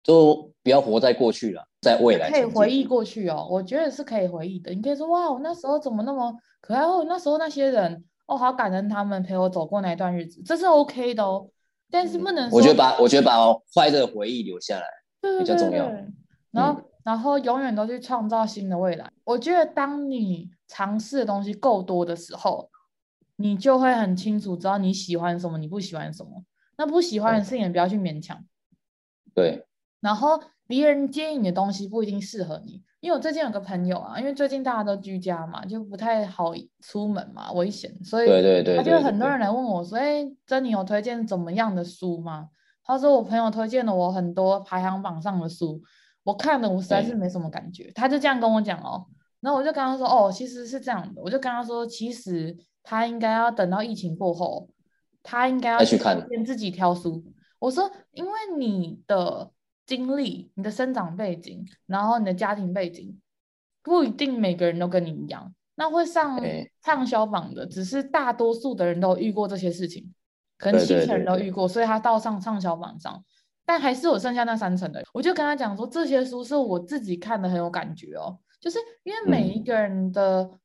S1: 就不要活在過去了，在未來可以回憶
S2: 過去哦。我覺得是可以回憶的，你可以說哇，我那時候怎麼那麼可愛哦？我那時候那些人哦，好感恩他們陪我走過那一段日子，這是 OK 的哦。但是不能我，我覺得把我覺
S1: 得把快樂的回憶留下來
S2: 比較重要。然後，嗯、然後永遠都去創造新的未來。我覺得當你嘗試的東西夠多的時候。你就會很清楚知道你喜歡什麼，你不喜歡什麼。那不喜歡的事情也不要去勉強。
S1: 對。
S2: 然後別人建議你的東西不一定適合你，因為我最近有個朋友啊，因為最近大家都居家嘛，就不太好出門嘛，危險。所以對對對，他就很多人來問我，說：“哎，珍妮、欸、有推薦怎麼樣的書嗎？”他說：“我朋友推薦了我很多排行榜上的書，我看的我實在是沒什麼感覺。對”他就這樣跟我講哦，然後我就跟他說：“哦，其實是這樣的。”我就跟他說：“其實。”他應該要等到疫情過後，他應該要去看自己挑書。我說，因為你的經歷、你的生長背景，然後你的家庭背景，不一定每個人都跟你一樣。那會上暢銷榜的，哎、只是大多數的人都遇過這些事情，
S1: 可能七成人都遇
S2: 過，對對對對，所以他到上暢銷榜上。但還是有剩下那三成的，我就跟他講說，這些書是我自己看的很有感覺哦，就是因為每一個人的、嗯。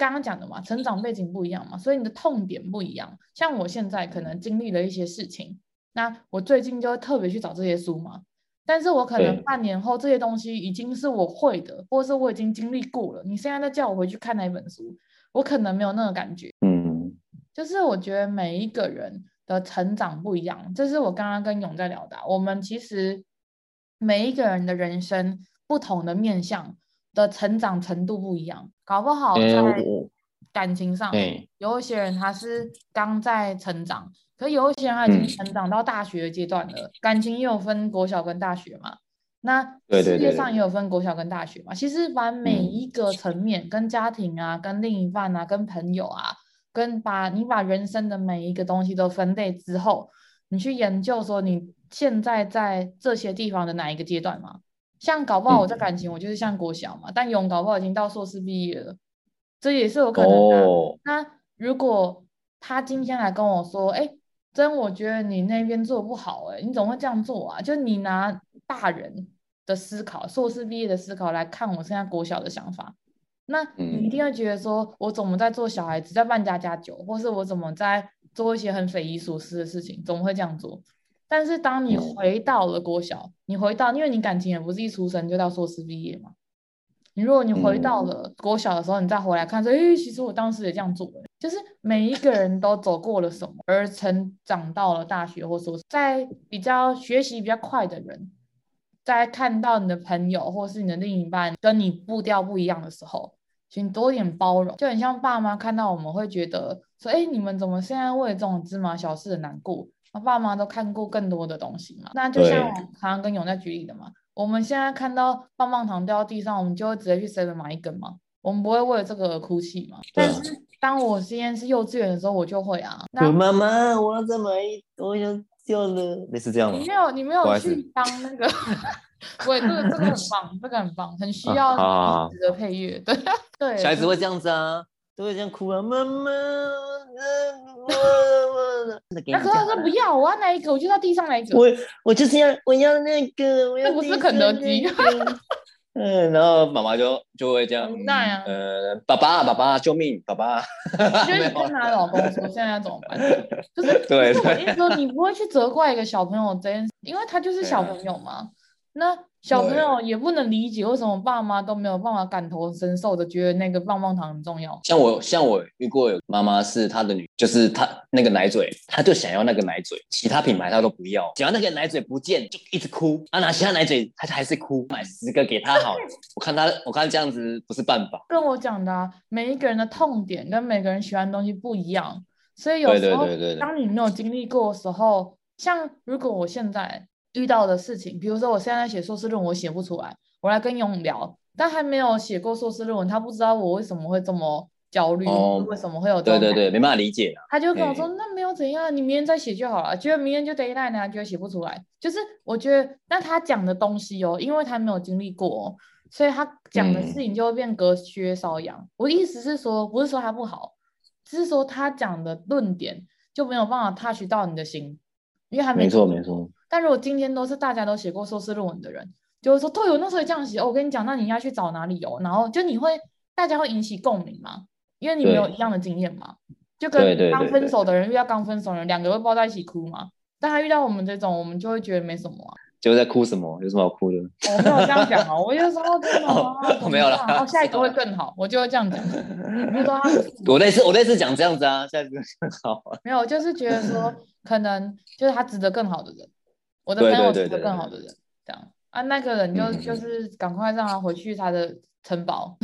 S2: 剛剛講的嘛，成長背景不一樣嘛，所以你的痛點不一樣。像我現在可能經歷了一些事情，那我最近就特別去找這些書嘛。但是，我可能半年後這些東西已經是我會的，嗯、或者是我已經經歷過了。你現在再叫我回去看那本書，我可能沒有那個感覺。嗯，就是我覺得每一個人的成長不一樣，這是我剛剛跟勇在聊的。我們其實每一個人的人生不同的面向。的成長程度不一樣，搞不好在感情上，欸、有一些人他是剛在成長，欸、可有一些人他已經成長到大學的階段了。嗯、感情也有分國小跟大學嘛，那世界上也有分國小跟大學嘛。對對對對，其實把每一個層面，嗯、跟家庭啊、跟另一半啊、跟朋友啊、跟把你把人生的每一個東西都分類之後，你去研究說你現在在這些地方的哪一個階段嘛？像搞不好我在感情，嗯、我就是像國小嘛。但勇搞不好已經到碩士畢業了，這也是有可能的。哦、那如果他今天來跟我說，哎、欸，真我覺得你那邊做不好，欸，哎，你怎麼會這樣做啊？就你拿大人的思考，碩士畢業的思考來看我現在國小的想法，那你一定要覺得說，我怎麼在做小孩子在扮家家酒，或是我怎麼在做一些很匪夷所思的事情，怎麼會這樣做？但是當你回到了國小，嗯、你回到，因為你感情也不是一出生就到碩士畢業嘛。你如果你回到了國小的時候，你再回來看說，咦、哎，其實我當時也這樣做，就是每一個人都走過了什麼，而成長到了大學或碩士。在比較學習比較快的人，在看到你的朋友或是你的另一半跟你步調不一樣的時候，請多一點包容。就很像爸媽看到我們會覺得說，哎，你們怎麼現在為了這種芝麻小事的難過？我爸媽都看過更多的東西嘛，那就像我糖跟勇在舉例的嘛，對我們現在看到棒棒糖掉到地上，我們就會直接去 save 買一根嘛，我們不會為了這個而哭泣嘛。嗯、但是當我現在是幼稚園的時候，我就會啊，媽媽，
S1: 我這麼一，我又掉了，你是這樣嗎？你沒有，你沒有去
S2: 當那個， 對，這個這個很棒，這個很棒，很需要孩子的配樂、啊，對對，小孩子會
S1: 這樣子啊。都會這樣哭啊，媽媽，媽，那何老師
S2: 說，不要，我要那一個，我就到地上來，我我， 我，
S1: 我就是要，我要那個，我要，那
S2: 個。那不是肯德
S1: 基。嗯，然後媽媽就就會這樣。啊、呃，爸爸，爸爸，救命！爸爸。所 以你
S2: 跟他老公說
S1: 現在要怎麼辦？就是 對
S2: 就是我意思說，你不會去責怪一個小朋友這件事，因為他就是小朋友嘛。那小朋友也不能理解為什麼爸媽都沒有辦法感同身受的覺得那個棒棒糖很重要。
S1: 像我像我遇過有媽媽是她的女，就是她那個奶嘴，她就想要那個奶嘴，其他品牌她都不要，只要那個奶嘴不見就一直哭。啊，拿其他奶嘴，她就還是哭，買十個給她好了。 我看她，我看這樣子不是辦法。
S2: 跟我講的啊，每一個人的痛點跟每個人喜歡的東西不一樣，所以有時候當你沒有經歷過的時候，像如果我現在。遇到的事情，比如說我現在在寫碩士論文，我寫不出來，我來跟勇聊，但還沒有寫過碩士論文，他不知道我為什麼會這麼焦慮，哦、為什麼會有對對對，沒
S1: 辦法理解。他就跟我說、
S2: 哎：“那沒有怎樣，你明天再寫就好了。哎”結果明天就 deadline 呢，覺得寫不出來。就是我覺得，那他講的東西哦，因為他沒有經歷過，所以他講的事情就會變隔靴搔癢。嗯、我的意思是說，不是說他不好，只是說他講的論點就沒有辦法 touch 到你的心，因為他沒錯沒錯。沒錯但如果今天都是大家都寫過碩士論文的人，就是說：“對，我那時候也這樣寫。”哦，我跟你講，那你要去找哪裡有，然後就你會，大家會引起共鳴嗎？因為你沒有一樣的經驗嘛。對就跟剛分手的人遇到剛分手的人，兩個會抱在一起哭嘛。但他遇到我們這種，我們就會覺得沒什麼啊，
S1: 就在哭什麼？有什麼好哭的？我、哦、沒有這樣講哦、啊，
S2: 我就說、哦、真的啊，我、 哦哦、沒有了。哦，下一個會更好， 我就會這樣講。嗯、 你說
S1: 他、啊，我那次我那次講這樣子啊，下一個更
S2: 好、啊。沒有，就是覺得說可能就是他值得更好的人。我的朋友是個更好的人，這樣啊，那個人就、嗯、就是趕快讓他回去他的城堡，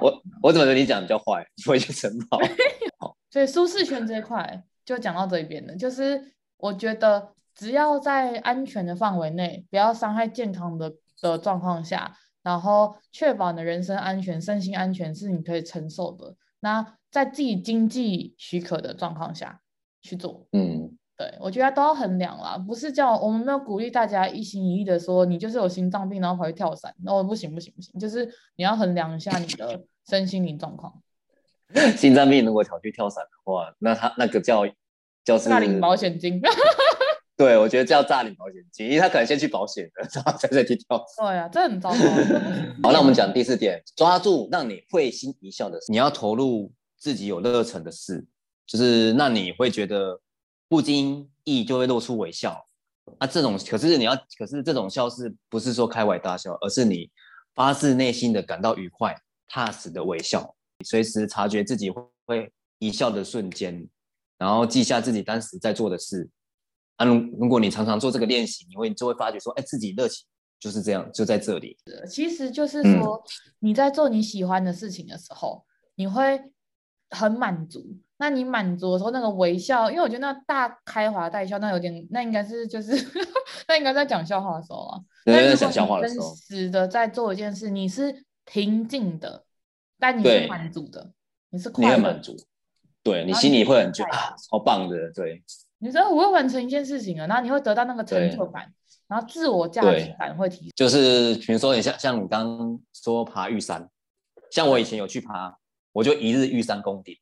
S2: 我
S1: 我怎麼跟你講的比較壞？回去城堡。
S2: 好所以舒適圈這一塊就講到這一邊了。就是我覺得只要在安全的範圍內，不要傷害健康的的狀況下，然後確保你的人身安全、身心安全是你可以承受的。那在自己經濟許可的狀況下去做，嗯。對我覺得都要衡量啦，不是叫我們沒有鼓勵大家一心一意的說你就是有心臟病然後跑去跳傘，哦不行不行不行，就是你要衡量一下你的身心靈狀況。
S1: 心臟病如果想去跳傘的話，那他那個叫叫詐領、那個、保險金。 對，我覺得叫詐領保險金，因為他可能先去保險的，然後再再去跳
S2: 傘。對呀、啊，這很糟糕。
S1: 好，那我們講第四點，抓住讓你會心一笑的事，你要投入自己有熱忱的事，就是讓你會覺得。不經意就會露出微笑，那、啊、這種可是你要，可是這種笑是不是說開懷大笑，而是你發自內心的感到愉快、踏實的微笑。你隨時察覺自己會一笑的瞬間，然後記下自己當時在做的事。啊，如如果你常常做這個練習，你會你就會發覺說，哎，自己熱情就是這樣，就在這裡。
S2: 其實就是說，嗯、你在做你喜歡的事情的時候，你會很滿足。那你滿足的時候，那個微笑，因為我覺得那大開懷帶笑，那有點，那應該是就是， 那應該在講笑話的時候啊，那
S1: 如果是真
S2: 實的在做一件事，你是平靜的，對但你是滿足的，對你是快樂的，你很滿
S1: 足，對你心裡會很覺得，對啊，超棒的。對，
S2: 你說我會完成一件事情了，啊，然後你會得到那個成就感，對然後自我價值感會
S1: 提升。就是比如說你像像你剛說爬玉山，像我以前有去爬，我就一日玉山攻頂。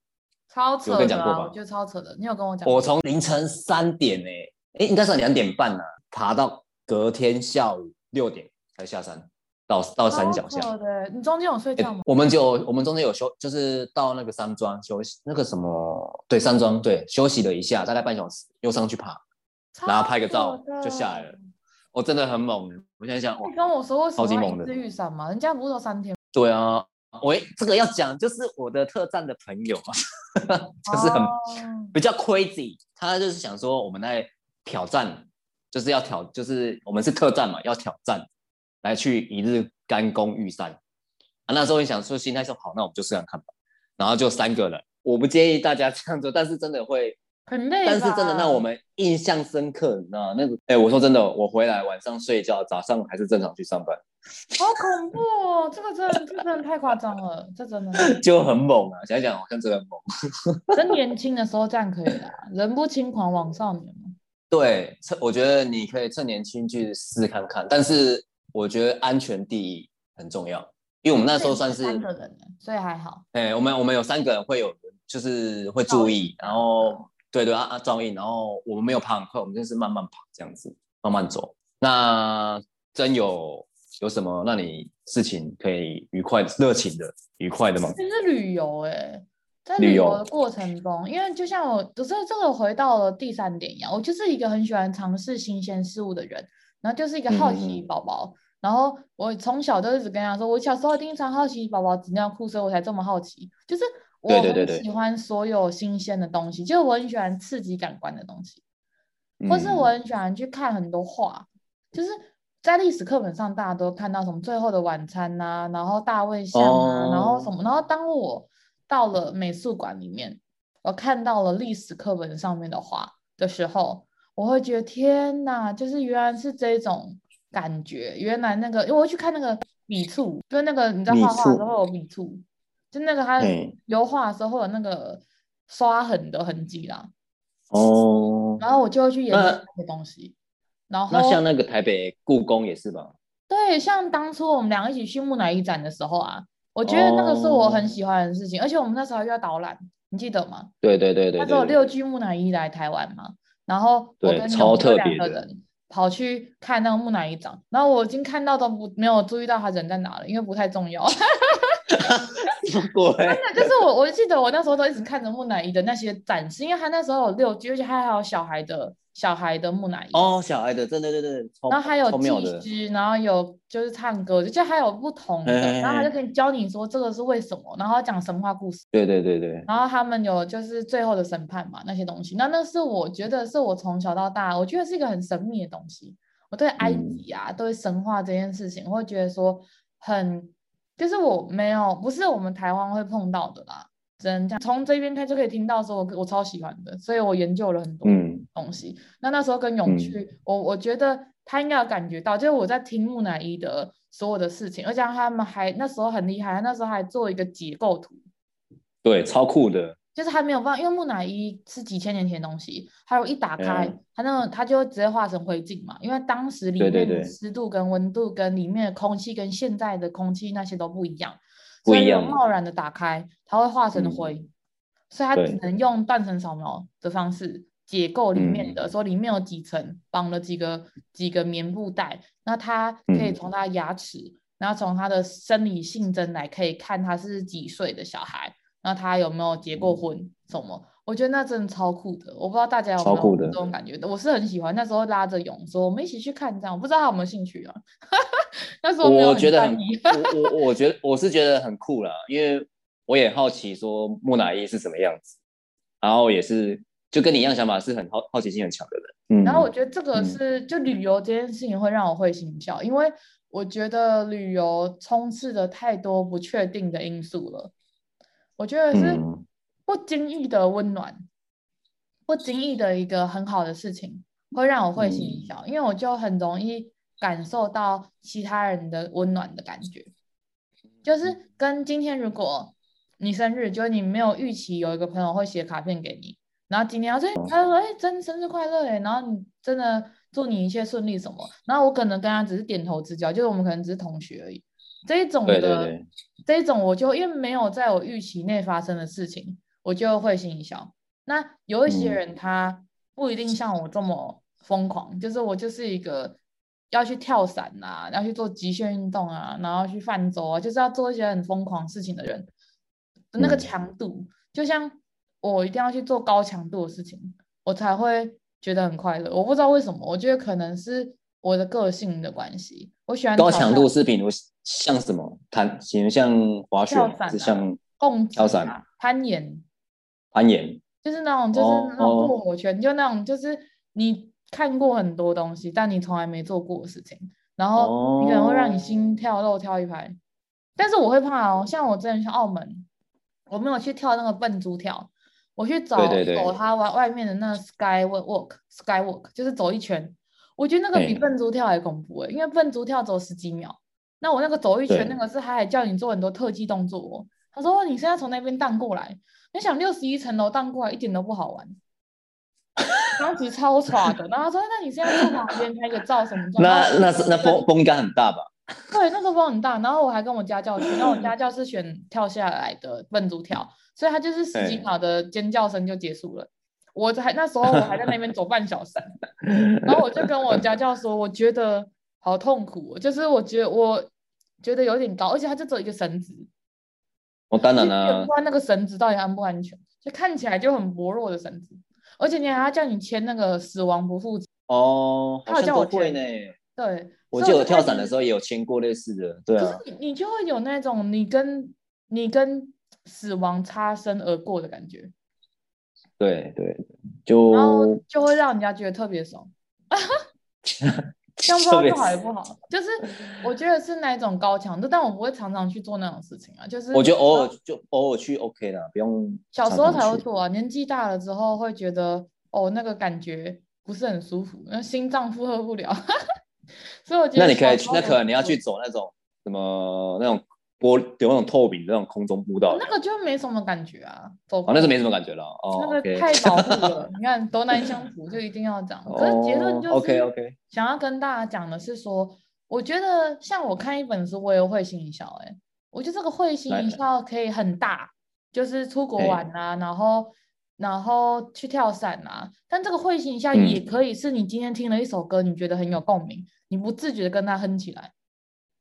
S2: 超扯的，啊，我覺得超扯的。你有跟我講過？我從
S1: 凌晨三點哎、欸、哎、欸，應該是兩點半呢、啊，爬到隔天下午六點才下山，到到山腳下。對、
S2: 欸，你中間有睡覺嗎？欸、我
S1: 們就我們中間有休，就是到那個山莊休息，那個什麼對山莊對休息了一下，大概半小時又上去爬，然後拍個照就下來了。我真的很猛，我想想，你跟
S2: 我說為什麼是玉山嘛？人家不是
S1: 說三天？對啊。喂，這個要講就是我的特戰的朋友， 就是很、oh. 比較 crazy，他就是想說我們來挑戰，就是要挑，就是我們是特戰嘛，要挑戰來去一日單攻玉山。啊，那時候你想說，心態是好，那我們就這樣看吧。然後就三個人，我不建議大家這樣做，但是真的會很累，但是真的讓我們印象深刻。那那個，哎、欸，我說真的，我回來晚上睡覺，早上還是正常去上班。
S2: 好恐怖哦！這個真的，這個、真的太誇張了， 這真的
S1: 就很猛啊！想想，我看這個很猛
S2: 真 年輕的時候這樣可以啊，人不輕狂枉少年。
S1: 對，趁我覺得你可以趁年輕去試看看，但是我覺得安全第一很重要，因為我們那時候算是,
S2: 是三個人，所以還好。
S1: 哎、欸，我們我們有三個人會有，就是會注意，然後對對啊啊照應，然後我們沒有爬很快，我們就是慢慢爬這樣子，慢慢走。那真有。有什麼讓你事情可以愉快、熱情的、愉快的嗎？其
S2: 實是旅遊誒、欸，在旅遊的過程中，旅遊。因為就像我，就是這個回到了第三點一樣，我就是一個很喜歡嘗試新鮮事物的人，然後就是一個好奇寶寶。嗯、然後我從小都一直跟他說，我小時候經常好奇寶寶紙尿褲，所以我才這麼好奇。就是我很喜歡所有新鮮的東西，對對對就是我很喜歡刺激感官的東西，
S1: 或是我
S2: 很喜歡去看很多畫，嗯、就是。在歷史課本上，大家都看到什麼《最後的晚餐》啊吶，然後《大衛像》啊，oh. 然後什麼？然後當我到了美術館裡面，我看到了歷史課本上面的畫的時候，我會覺得天哪！就是原來是這種感覺，原來那個，因為我會去看那個筆觸，就那個你在畫畫的時候有筆觸，筆觸，就那個它油畫的時候會有那個刷痕的痕跡啦。哦。Oh. 然後我就會去研究那個東西。嗯然後那像那
S1: 個台北故宮也是吧？
S2: 對，像當初我們兩個一起去木乃伊展的時候啊，我覺得那個是我很喜歡的事情，oh. 而且我們那時候要導覽，你記得嗎？
S1: 對對對，對對對對，那時候有六具
S2: 木乃伊來台灣嘛，然後我跟超特兩個人跑去看那個木乃伊展，然後我已經看到都不沒有注意到他人在哪了，因為不太重要。
S1: 什麼鬼？真的就
S2: 是我，我記得我那時候都一直看着木乃伊的那些展示，因為他那時候有六具，而且還有小孩的、小孩的木乃伊。
S1: 哦，小孩的，對對對對。然後還有器具，
S2: 然後有就是唱歌，就還有不同的，欸欸欸，然後他就可以教你說這個是為什麼，然後講神話故事。
S1: 對對對對。然
S2: 後他們有就是最後的審判嘛，那些東西，那那是我覺得是我從小到大，我覺得是一個很神秘的東西。我對埃及啊，嗯、對神話這件事情，我會覺得說很。就是我沒有，不是我們台灣會碰到的啦，只能從這邊看就可以聽到說，我我超喜歡的，所以我研究了很多東西。嗯、那那時候跟勇去，嗯、我我覺得他應該有感覺到，就是我在聽木乃伊的所有的事情，而且他們還那時候很厲害，那時候還做一個結構圖，
S1: 對，超酷的。
S2: 就是還沒有辦法，因為木乃伊是幾千年前的東西，還有一打開，嗯、它那個、它就會直接化成灰燼嘛。因為當時裡面的濕度跟溫度跟裡面的空氣跟現在的空氣那些都不一樣，不一樣，所以就貿然的打開，它會化成灰，嗯、所以它只能用斷層掃描的方式、嗯、解構裡面的，嗯、說裡面有幾層綁了幾個幾個棉布袋，那它可以從它的牙齒，嗯、然後從它的生理性徵來，可以看它是幾歲的小孩。那他有沒有結過婚、嗯、什麼？我覺得那真的超酷的，我不知道大家有沒有這種感覺，我是很喜歡，那時候拉着勇說、嗯、我們一起去看這樣，我不知道他有沒有興趣啊。 那時候我覺得很，
S1: 我我，我覺得我是覺得很酷啦，因為我也好奇說木乃伊是什麼樣子，然後也是就跟你一樣想法，是很好好奇心很強的人。
S2: 嗯、然後我覺得這個是、嗯、就旅遊這件事情會讓我會心笑，因為我覺得旅遊充斥著太多不確定的因素了。我覺得是不經意的溫暖，不經意的一個很好的事情，會讓我會心一笑。因為我就很容易感受到其他人的溫暖的感覺，就是跟今天如果你生日，就是你沒有預期有一個朋友會寫卡片給你，然後今天啊，他就他說：“欸，真生日快樂欸！”然後你真的祝你一切順利什麼？然後我可能跟他只是點頭之交，就是我們可能只是同學而已。這一種的，對對
S1: 對，
S2: 這一種我就因為沒有在我預期內發生的事情，我就會心一笑。那有一些人他不一定像我這麼瘋狂，嗯、就是我就是一個要去跳傘啊，要去做極限運動啊，然後去泛舟啊，就是要做一些很瘋狂事情的人。嗯、那個強度，就像我一定要去做高強度的事情，我才會覺得很快樂。我不知道為什麼，我覺得可能是。我的個性的關係，我喜歡高強度
S1: 視頻，我像什麼，彈，琴，像滑雪，跳啊、還是像、
S2: 啊、跳傘傘、攀岩、
S1: 攀岩，
S2: 就是那種，就是那種過火圈，哦、就那種，就是你看過很多東西，哦、但你從來沒做過的事情，然後你可能會讓你心跳漏跳一拍，哦、但是我會怕哦，像我之前去澳門，我沒有去跳那個笨豬跳，我去找走它外外面的那個 sky walk sky walk，就是走一圈。我覺得那個比笨豬跳還恐怖哎、欸，欸、因為笨豬跳只有十幾秒，那我那個走一圈，那個是他還,還叫你做很多特技動作哦、喔。對他說你現在從那邊盪過來，你想六十一層樓盪過來一點都不好玩， 當時超吵的。然後他說那你現在從哪邊拍個照什麼,什麼的那？那那是那風那
S1: 風應
S2: 該很大吧？對，那個風很大，然後我還跟我家教去，那我家教是選跳下來的笨豬跳，所以他就是十幾秒的尖叫聲就結束了。欸我在，那時候我還在那邊走半小時， 然後我就跟我家教說，我覺得好痛苦，就是我覺得我覺得有點高，而且他就只有一個繩子，
S1: 我當然啊，關
S2: 那個繩子到底安不安全，就看起來就很薄弱的繩子，而且你還要叫你簽那個死亡不負責
S1: 哦，他叫我牽呢，
S2: 對，我記得我跳傘的時候
S1: 也有簽過類似的，對啊，可是
S2: 你你就會有那種你跟你跟死亡擦身而過的感覺。對對，就然後就會讓人家覺得特別爽。啊哈，這樣不好也不好， 就是我覺得是那種高強度， 但我不會常常去做那種事情啊，就是我就
S1: 偶爾、啊、就偶爾去 OK 的，不用常常。小時候才會
S2: 做啊，年紀大了之後會覺得哦，那個感覺不是很舒服，那心臟負荷不了，哈哈。所以我覺得那你可以，去，那可能你
S1: 要去走那種什麼那種。玻璃有那種透明的那種空中步道，那
S2: 個就沒什麼感覺啊，走反正是沒什麼感
S1: 覺了、啊。哦、oh, okay.，那個太保護了。
S2: 你看，多難相處就一定要這樣。Oh, 可是結論就是，OK OK。想要跟大家講的是說，okay, okay. 我覺得像我看一本書，我也會心一笑。哎，我覺得這個會心一笑可以很大，來來就是出國玩啊，Hey. 然後然後去跳傘啊。但這個會心一笑也可以是你今天聽了一首歌，嗯、你覺得很有共鳴，你不自覺的跟他哼起來。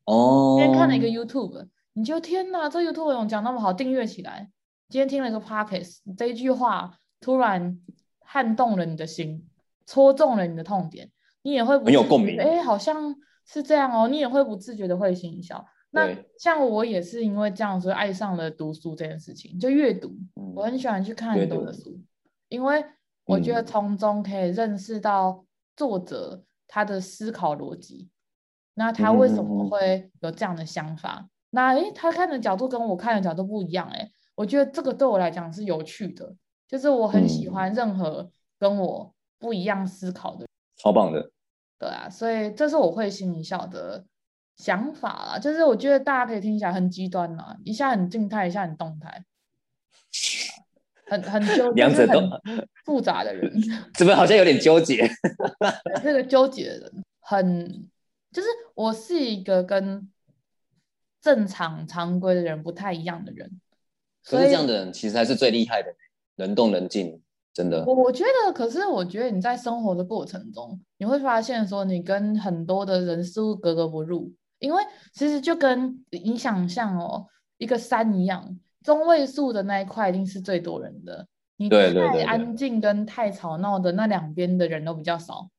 S1: 哦，oh, 今天看了一個
S2: YouTube。你就天吶，這個作者怎麼講那麼好？訂閱起來。今天聽了一個 podcast，這一句話突然撼動了你的心，戳中了你的痛點，你也會不自覺很有共鳴。哎、欸，好像是這樣哦。你也會不自覺的會心一笑。那對像我也是因為這樣，所以愛上了讀書這件事情。就閱讀，嗯、我很喜歡去看很多的書，對對對，因為我覺得從中可以認識到作者他的思考邏輯，嗯、那他為什麼會有這樣的想法？那哎、欸，他看的角度跟我看的角度不一樣。哎、欸，我覺得這個對我來講是有趣的，就是我很喜歡任何跟我不一樣思考的人、嗯，超棒的。對啊，所以這是我會心一笑的想法啦、啊，就是我覺得大家可以聽起來很極端啦、啊，一下很靜態，一下很動態， 很、就是、很糾結，兩者都很複雜的人，
S1: 怎麼好像有點糾結？
S2: 這個糾結的人，很就是我是一個跟。正常常規的人不太一樣的人，
S1: 所以這樣的人其實還是最厲害的，以人動人靜，真的。
S2: 我覺得，可是我覺得你在生活的過程中，你會發現說你跟很多的人事物格格不入，因為其實就跟你想象哦、喔，一個山一樣，中位數的那一塊一定是最多人的。
S1: 你太安
S2: 靜跟太吵鬧的那兩邊的人都比較少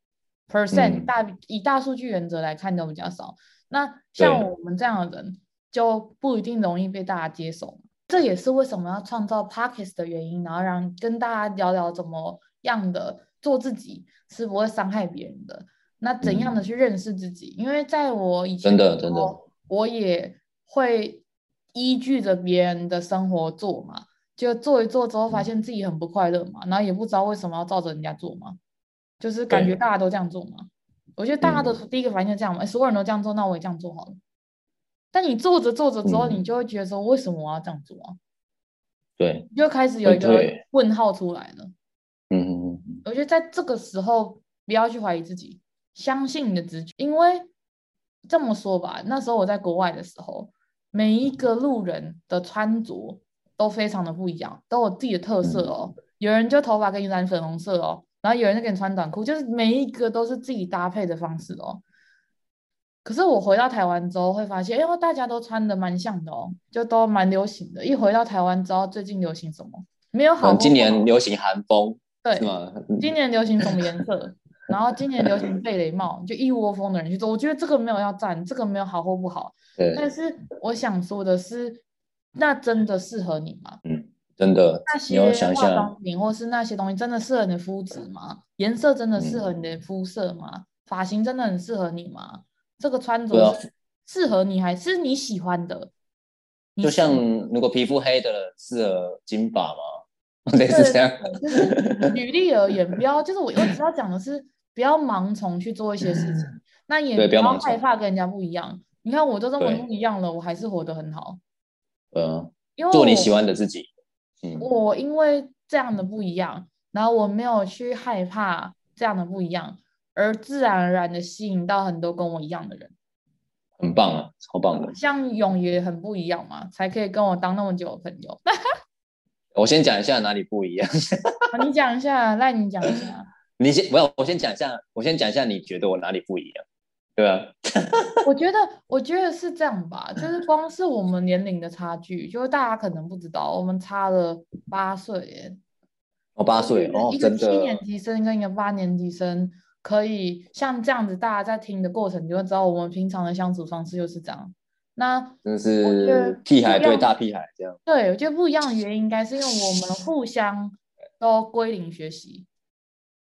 S2: ，percent 大、嗯、以大數據原則來看都比較少。那像我們這樣的人。就不一定容易被大家接受嘛，這也是為什麼要創造 podcast 的原因。然後讓跟大家聊聊怎麼樣的做自己是不會傷害別人的。那怎樣的去認識自己？嗯、因為在我以前，真的真的，真的我也會依據着別人的生活做嘛，就做一做之後，發現自己很不快樂嘛，然後也不知道為什麼要照着人家做嘛，就是感覺大家都這樣做嘛。對我覺得大家的、嗯、第一個反應就這樣嘛，哎，所有人都這樣做，那我也這樣做好了。那你做着做着之後，你就會覺得說，為什麼我要這樣做啊？對，嗯、
S1: 就開始有一個
S2: 問號出來了。嗯嗯嗯。我覺得在這個時候，不要去懷疑自己，相信你的直覺，因為這麼說吧，那時候我在國外的時候，每一個路人的穿着都非常的不一樣，都有自己的特色哦、喔。有人就頭髮給你染粉紅色哦、喔，然後有人就給你穿短褲，就是每一個都是自己搭配的方式哦、喔。可是我回到台灣之後會發現，因、欸、為大家都穿得蠻像的哦，就都蠻流行的。一回到台灣之後，最近流行什麼？沒有好，好。今
S1: 年流行韓風。對。嗎
S2: 今年流行什麼顏色？ 然後今年流行貝雷帽，就一窩蜂的人去做。我覺得這個沒有要贊，這個沒有好或不好。對。但是我想說的是，那真的適合你嗎？
S1: 嗯，真的。你要想想那些化妝
S2: 品或是那些東西，真的適合你的膚質嗎？顏、嗯、色真的適合你的膚色嗎？髮、嗯、型真的很適合你嗎？這個穿着適合你還是你喜歡的？
S1: 就像如果皮膚黑的適合金髮嗎？對，就是
S2: 舉例而言，不要就是我我一直要講的是不要盲從去做一些事情，那也不要害怕跟人家不一樣。你看我都這麼不一樣了，我還是活得很好。嗯，做你喜歡的自己。我因為這樣的不一樣，然後我沒有去害怕這樣的不一樣，而自然而然的吸引到很多跟我一樣的人，
S1: 很棒啊，超棒的。
S2: 像勇也很不一樣嘛，才可以跟我當那麼久的朋友。
S1: 我先講一下哪裡不一樣，
S2: 你講一下，那你講一下。
S1: 你先不要，我先講一下，我先講一下，你覺得我哪裡不一樣？對啊，
S2: 我覺得，我覺得是這樣吧，就是光是我們年齡的差距，就是大家可能不知道，我們差了八歲哦，八歲對哦，一個七
S1: 年
S2: 級生跟一個八年級生。可以像這樣子，大家在聽的過程，你就知道，我們平常的相處方式就是這樣。那
S1: 真是屁孩對大屁孩這樣。
S2: 對，我覺得不一樣的原因，應該是因為我們互相都歸零學習。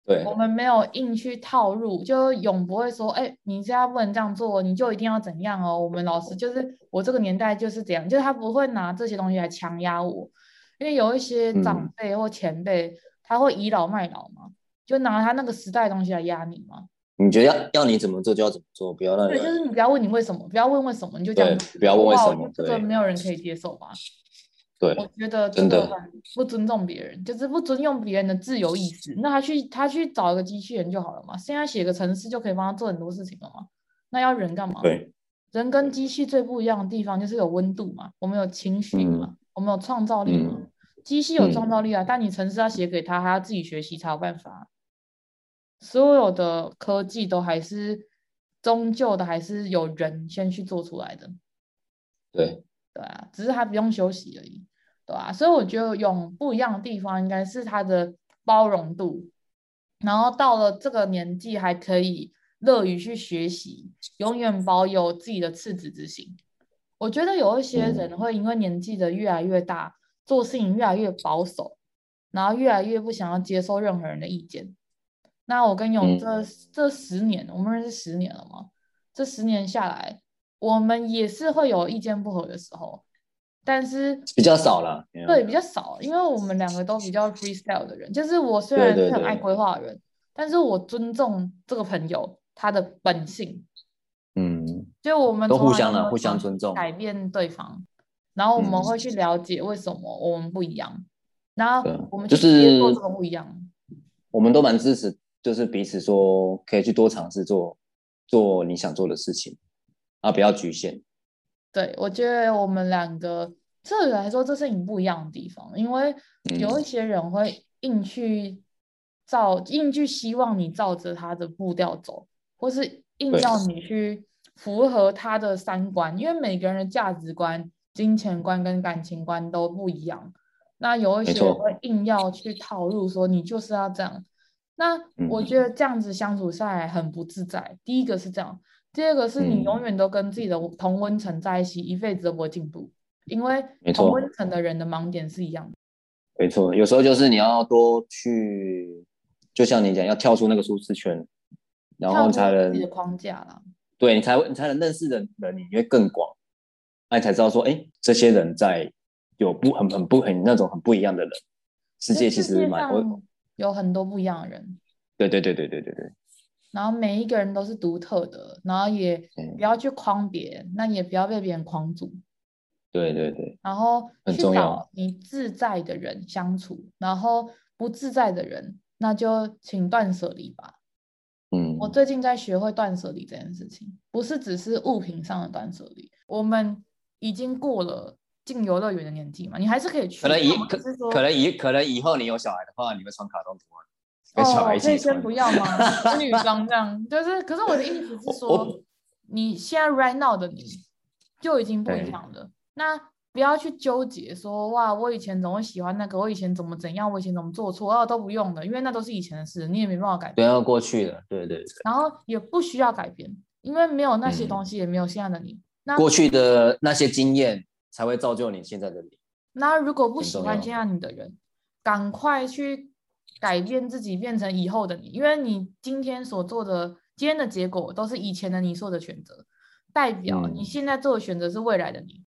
S1: 對，我
S2: 們沒有硬去套入，就永不會說，哎、欸，你現在不能這樣做，你就一定要怎樣哦。我們老師就是我這個年代就是這樣，就是他不會拿這些東西來強壓我，因為有一些長輩或前輩，嗯、他會倚老賣老嘛。就拿他那個時代東西來壓你嘛，
S1: 你覺得要要你怎麼做就要怎麼做，不要亂。對，就是
S2: 你不要問你為什麼，不要問為什麼，你就這樣。不要問為什麼，對，沒有人可以接受吧。
S1: 對，我
S2: 覺得真的不尊重別人，就是不尊重別人的自由意志。是那他去他去找一個機器人就好了嘛？現在寫個程式就可以幫他做很多事情了嘛。那要人幹嘛？對，人跟機器最不一樣的地方就是有溫度嘛，我們有情緒嘛，嗯、我們有創造力嘛。嗯、機器有創造力啊，嗯、但你程式要寫給他，他要自己學習才有辦法。所有的科技都還是終究的，還是有人先去做出來的。
S1: 對，
S2: 對啊，只是他不用休息而已，對啊，所以我覺得有不一樣的地方，應該是他的包容度。然後到了這個年紀，還可以樂於去學習，永遠保有自己的赤子之心。我覺得有一些人會因為年紀的越來越大，做事情越來越保守，然後越來越不想要接受任何人的意見。那我跟勇這、嗯、這十年，我們認識十年了嗎？這十年下來，我們也是會有意見不合的時候，但是比較少
S1: 了，嗯、對，比
S2: 較少，因為我們兩個都比較 freestyle 的人，就是我雖然是很愛規劃的人，對對對，但是我尊重這個朋友他的本性，嗯，就我們都互相的互相尊重，改變對方，然後我們會去了解為什麼我們不一樣，那、嗯、我們就是做這個不一樣，就是
S1: 嗯、我們都蠻支持。就是彼此說可以去多嘗試做，做你想做的事情，啊，不要侷限。
S2: 對，我覺得我們兩個這個來說，這是你不一樣的地方，因為有一些人會硬去照、嗯、硬去希望你照着他的步調走，或是硬要你去符合他的三觀，對因為每個人的價值觀、金錢觀跟感情觀都不一樣。那有一些人會硬要去套路說你就是要這樣。那我覺得這樣子相處下來很不自在。嗯、第一個是這樣，第二個是你永遠都跟自己的同溫層在一起，嗯、一輩子都不會進步。因為同溫層的人的盲點是一樣的。沒
S1: 錯，沒錯，有時候就是你要多去，就像你講，要跳出那個舒適圈，然後才能跳出自己你的
S2: 框架啦。
S1: 對你才會你才能認識的人，你會更廣，你才知道說，哎、欸，這些人在有不很很不很那種很不一樣的人，世界其實蠻多。有
S2: 很多不一樣的人，
S1: 對對對對對對對，
S2: 然後每一個人都是獨特的，然後也不要去框別人，嗯、那也不要被別人框住，
S1: 對對對，
S2: 然後去找你自在的人相處，然後不自在的人那就請斷捨離吧。嗯，我最近在學會斷捨離這件事情，不是只是物品上的斷捨離，我們已經過了。進遊樂園的年紀嘛，你還是可以去可以。可能以可可
S1: 能以可能以後你有小孩的話，你會穿卡通圖案跟小孩一起穿，啊、哦，可以先不要嘛， 女裝這樣。
S2: 就是，可是我的意思是說，哦、你現在 right now 的你，嗯、就已經不一樣了，嘿那不要去糾結說哇，我以前怎麼會喜歡那個，我以前怎麼怎樣，我以前怎麼做錯啊，都不用的，因為那都是以前的事，你也沒辦法改變。對，
S1: 過去了對對對。
S2: 然後也不需要改變，因為沒有那些東西，也沒有現在的你。嗯、那過
S1: 去的那些經驗。才會造就你現在的你。
S2: 那如果不喜歡這樣你的人，趕快去改變自己，變成以後的你。因為你今天所做的，今天的結果都是以前的你做的選擇，代表你現在做的選擇是未來的你。嗯、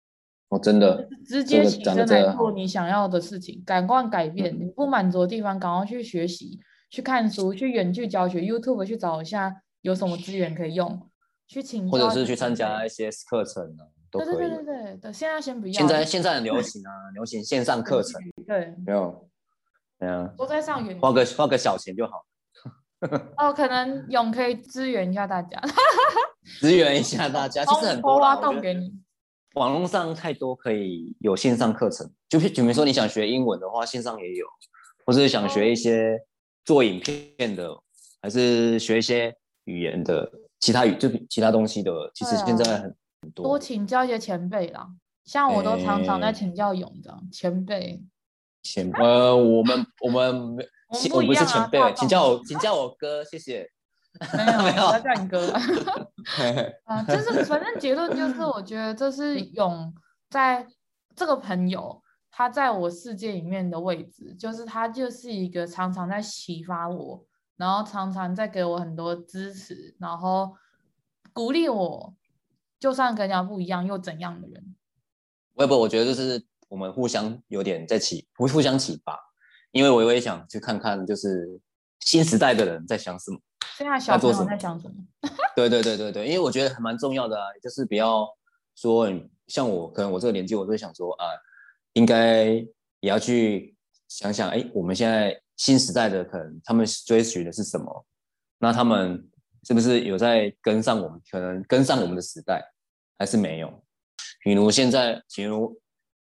S1: 哦，真的。直接起身來做
S2: 你想要的事情，這個、趕快改變。你不滿足的地方，趕快去學習，嗯、去看書，去遠距教學，YouTube 去找一下有什麼資源可以用，去請教或者是去參
S1: 加一些課程呢。對
S2: 對對對對，現在先不要。現在現在很流行啊，
S1: 流行線上課程。對，沒有，對啊。
S2: 都在上雲。花個
S1: 花個小錢就好。
S2: 哦，可能勇可以支援一下大家。
S1: 支援一下大家，其實
S2: 很多。給你。
S1: 網絡上太多可以有線上課程，就比如說，你想學英文的話，線上也有；或者是想學一些做影片的，還是學一些語言的其他語，就其他東西的。其實現在很。多
S2: 請教一些前輩啦，像我都常常在請教勇的、欸、前輩輩。
S1: 前呃、嗯，我們我們， 我們不一樣，啊、我們不是前輩，總請叫我 請叫我哥，謝謝。沒
S2: 有沒有， 沒有我叫你哥吧。 啊，就是反正結論就是，我覺得這是勇在這個朋友，他在我世界裡面的位置，就是他就是一個常常在啟發我，然後常常在給我很多支持，然後鼓勵我。就算跟人家不一樣，又怎樣的
S1: 人？我也不，我覺得就是我們互相有點在啟，互互相啟發。因為我也想去看看，就是新時代的人在想什麼，現
S2: 在小朋友，在想什麼。
S1: 在做什麼 對對對對對，因為我覺得還蠻重要的啊，就是不要說，像我可能我這個年紀，我就會想說啊，應該也要去想想，哎、欸，我們現在新時代的可能他們追尋的是什麼？那他們。是不是有在跟上我們？可能跟上我們的時代，還是沒有？比如現在，比如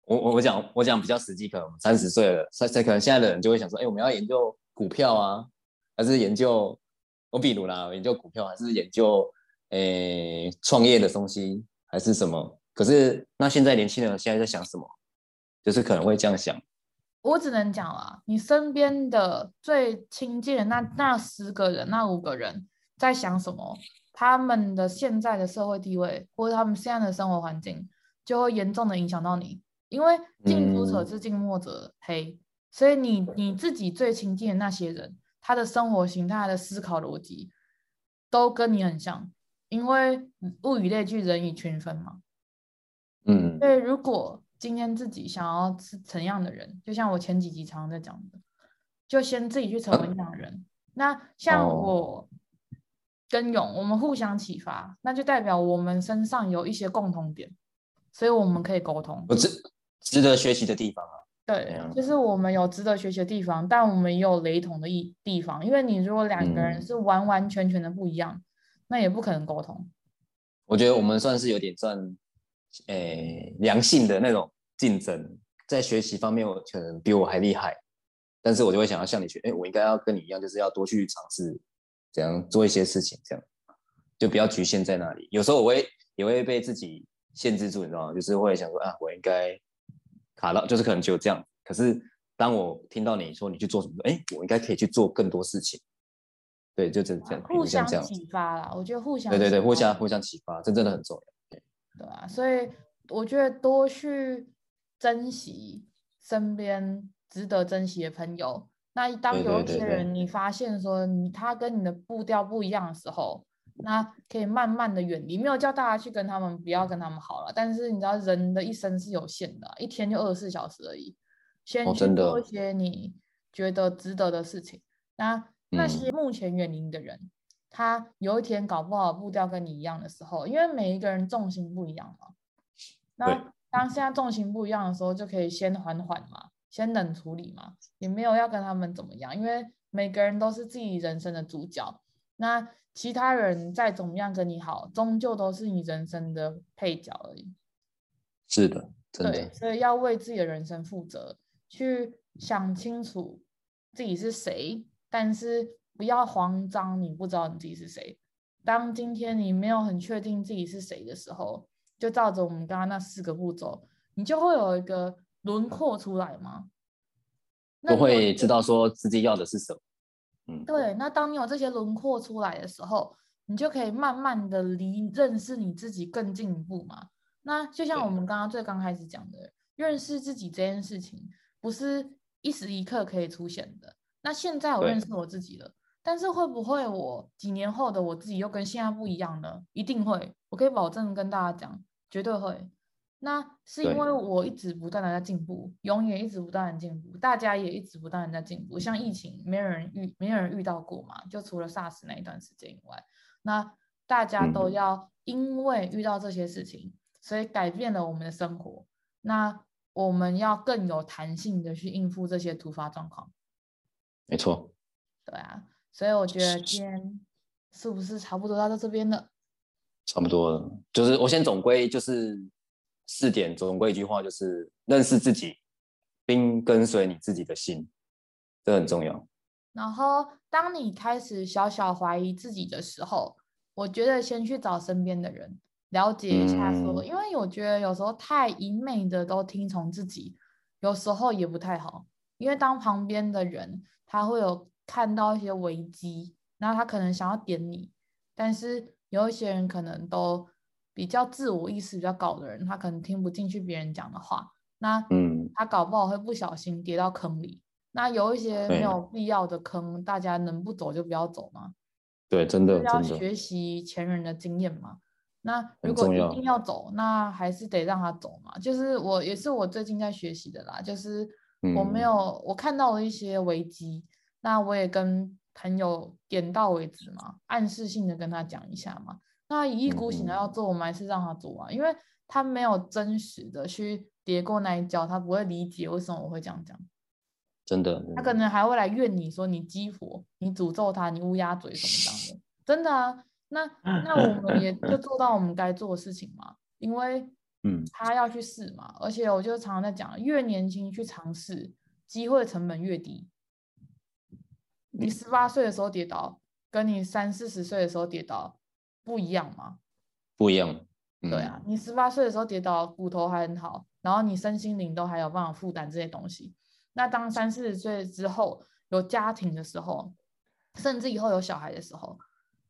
S1: 我我我講我講比較實際，可能三十歲了，三歲可能現在的人就會想說，哎，我們要研究股票啊，還是研究？我比如啦，研究股票，還是研究？呃，創業的東西，還是什麼？可是那現在年輕人現在在想什麼？就是可能會這樣想。
S2: 我只能講啊，你身邊的最親近的那那十個人，那五個人。在想什麼？他們的現在的社會地位，或者他們現在的生活環境，就會嚴重的影響到你。因為近朱者赤，近墨者黑，嗯、所以你你自己最親近的那些人，他的生活形態、他的思考邏輯，都跟你很像。因為物以類聚，人以群分嘛。嗯。所以如果今天自己想要是成樣的人，就像我前幾集常常在講的，就先自己去成為那樣的人。嗯、那像我。哦跟勇，我們互相啟發，那就代表我們身上有一些共同點，所以我們可以溝通。值、
S1: 就是、值得學習的地方啊。
S2: 對，嗯、就是我們有值得學習的地方，但我們也有雷同的一地方。因為你如果兩個人是完完全全的不一樣，嗯、那也不可能溝通。
S1: 我覺得我們算是有點算，誒、欸，良性的那種競爭。在學習方面，我可能比我還厲害，但是我就會想要向你學。哎、欸，我應該要跟你一樣，就是要多去嘗試。怎樣做一些事情，這樣就不要局限在那裡。有時候我會也會被自己限制住，你知道嗎？就是會想說啊，我應該卡到，就是可能只有這樣。可是當我聽到你說你去做什麼，哎、欸，我應該可以去做更多事情。對，就這這樣，啊、互相啟
S2: 發了。我覺得互相，對對對，互
S1: 相互相啟發，這真的很重要。對對啊，
S2: 所以我覺得多去珍惜身邊值得珍惜的朋友。那當有一些人，你發現說你他跟你的步調不一樣的時候，那可以慢慢的遠離。沒有叫大家去跟他們，不要跟他們好了。但是你知道，人的一生是有限的，一天就二十四小時而已。先去做一些你覺得值得的事情。那那些目前遠離的人，他有一天搞不好步調跟你一樣的時候，因為每一個人重心不一樣嘛。那當現在重心不一樣的時候，就可以先緩緩嘛。先冷處理嘛，你沒有要跟他們怎麼樣，因為每個人都是自己人生的主角，那其他人再怎麼樣跟你好，終究都是你人生的配角而已。
S1: 是的，真的對，
S2: 所以要為自己的人生負責，去想清楚自己是誰，但是不要慌張，你不知道你自己是誰。當今天你沒有很確定自己是誰的時候，就照着我們剛剛那四個步驟，你就會有一個。輪廓出來嗎？不會知道
S1: 說自己要的是什
S2: 麼。對。那當你有這些輪廓出來的時候，你就可以慢慢的離認識你自己更進一步嘛。那就像我們剛剛最剛開始講的，對認識自己這件事情，不是一時一刻可以出現的。那現在我認識我自己了，對但是會不會我幾年後的我自己又跟現在不一樣了？一定會，我可以保證跟大家講，絕對會。那是因為我一直不斷的在進步，對永遠一直不斷的進步，大家也一直不斷的在進步。像疫情，沒有人遇，沒有人遇到過嘛，就除了 SARS 那一段時間以外，那大家都要因為遇到這些事情，嗯、所以改變了我們的生活。那我們要更有彈性的去應付這些突發狀況。
S1: 沒錯。
S2: 對啊，所以我覺得今天是不是差不多到到這邊了？
S1: 差不多了，就是我先總歸就是。四點總歸一句話就是認識自己，並跟隨你自己的心，這很重要。
S2: 然後當你開始小小懷疑自己的時候，我覺得先去找身邊的人了解一下，說，嗯、因為我覺得有時候太一味的都聽從自己，有時候也不太好。因為當旁邊的人他會有看到一些危機，然後他可能想要點你，但是有一些人可能都。比較自我意識比較高的人，他可能聽不進去別人講的話，那他搞不好會不小心跌到坑裡。嗯、那有一些沒有必要的坑，對了、大家能不走就不要走嘛。
S1: 對，真的，真的要學
S2: 習前人的經驗嘛。那如果一定要走，要那還是得讓他走嘛。就是我也是我最近在學習的啦，就是我沒有、嗯、我看到了一些危機，那我也跟朋友點到為止嘛，暗示性的跟他講一下嘛。那一意孤行的要做，嗯、我們還是讓他做啊，因為他沒有真實的去跌過那一跤，他不會理解為什麼我會這樣講。
S1: 真的，嗯、他可能
S2: 還會來怨你說，你激火，你詛咒他，你烏鴉嘴什麼樣的， 真的啊。那那我們也就做到我們該做的事情嘛，因為嗯，他要去試嘛，嗯、而且我就常常在講，越年輕去嘗試，機會成本越低。你十八歲的時候跌倒，跟你三四十歲的時候跌倒。不一樣嗎？
S1: 不一樣。嗯、對啊，
S2: 你十八歲的時候跌倒，骨頭還很好，然後你身心靈都還有辦法負擔這些東西。那當三四十歲之後有家庭的時候，甚至以後有小孩的時候，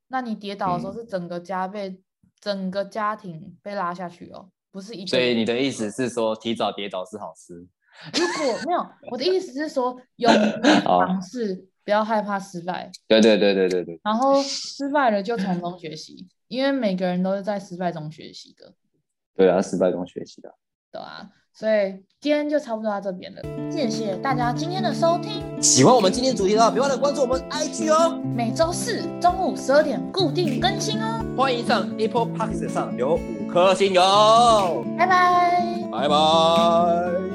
S2: 那你跌倒的時候是整個家被、嗯、整個家庭被拉下去哦，不是一斤斤。
S1: 所以你的意思是說，提早跌倒是好事？
S2: 如果沒有， 我的意思是說，有嘗試。不要害怕失敗，
S1: 對對對對、對、對，
S2: 然後失敗了就從中學習， 因為每個人都是在失敗中學習的。
S1: 對啊，失敗中學習的。對啊，
S2: 所以今天就差不多到這邊了，謝謝大家今天的收聽。
S1: 喜歡我們今天的主題的話，別忘了關注我們 IG 哦，
S2: 每周四中午十二點固定更新哦。歡迎上 Apple
S1: Podcast 上有五顆星喲，拜拜 bye，拜拜。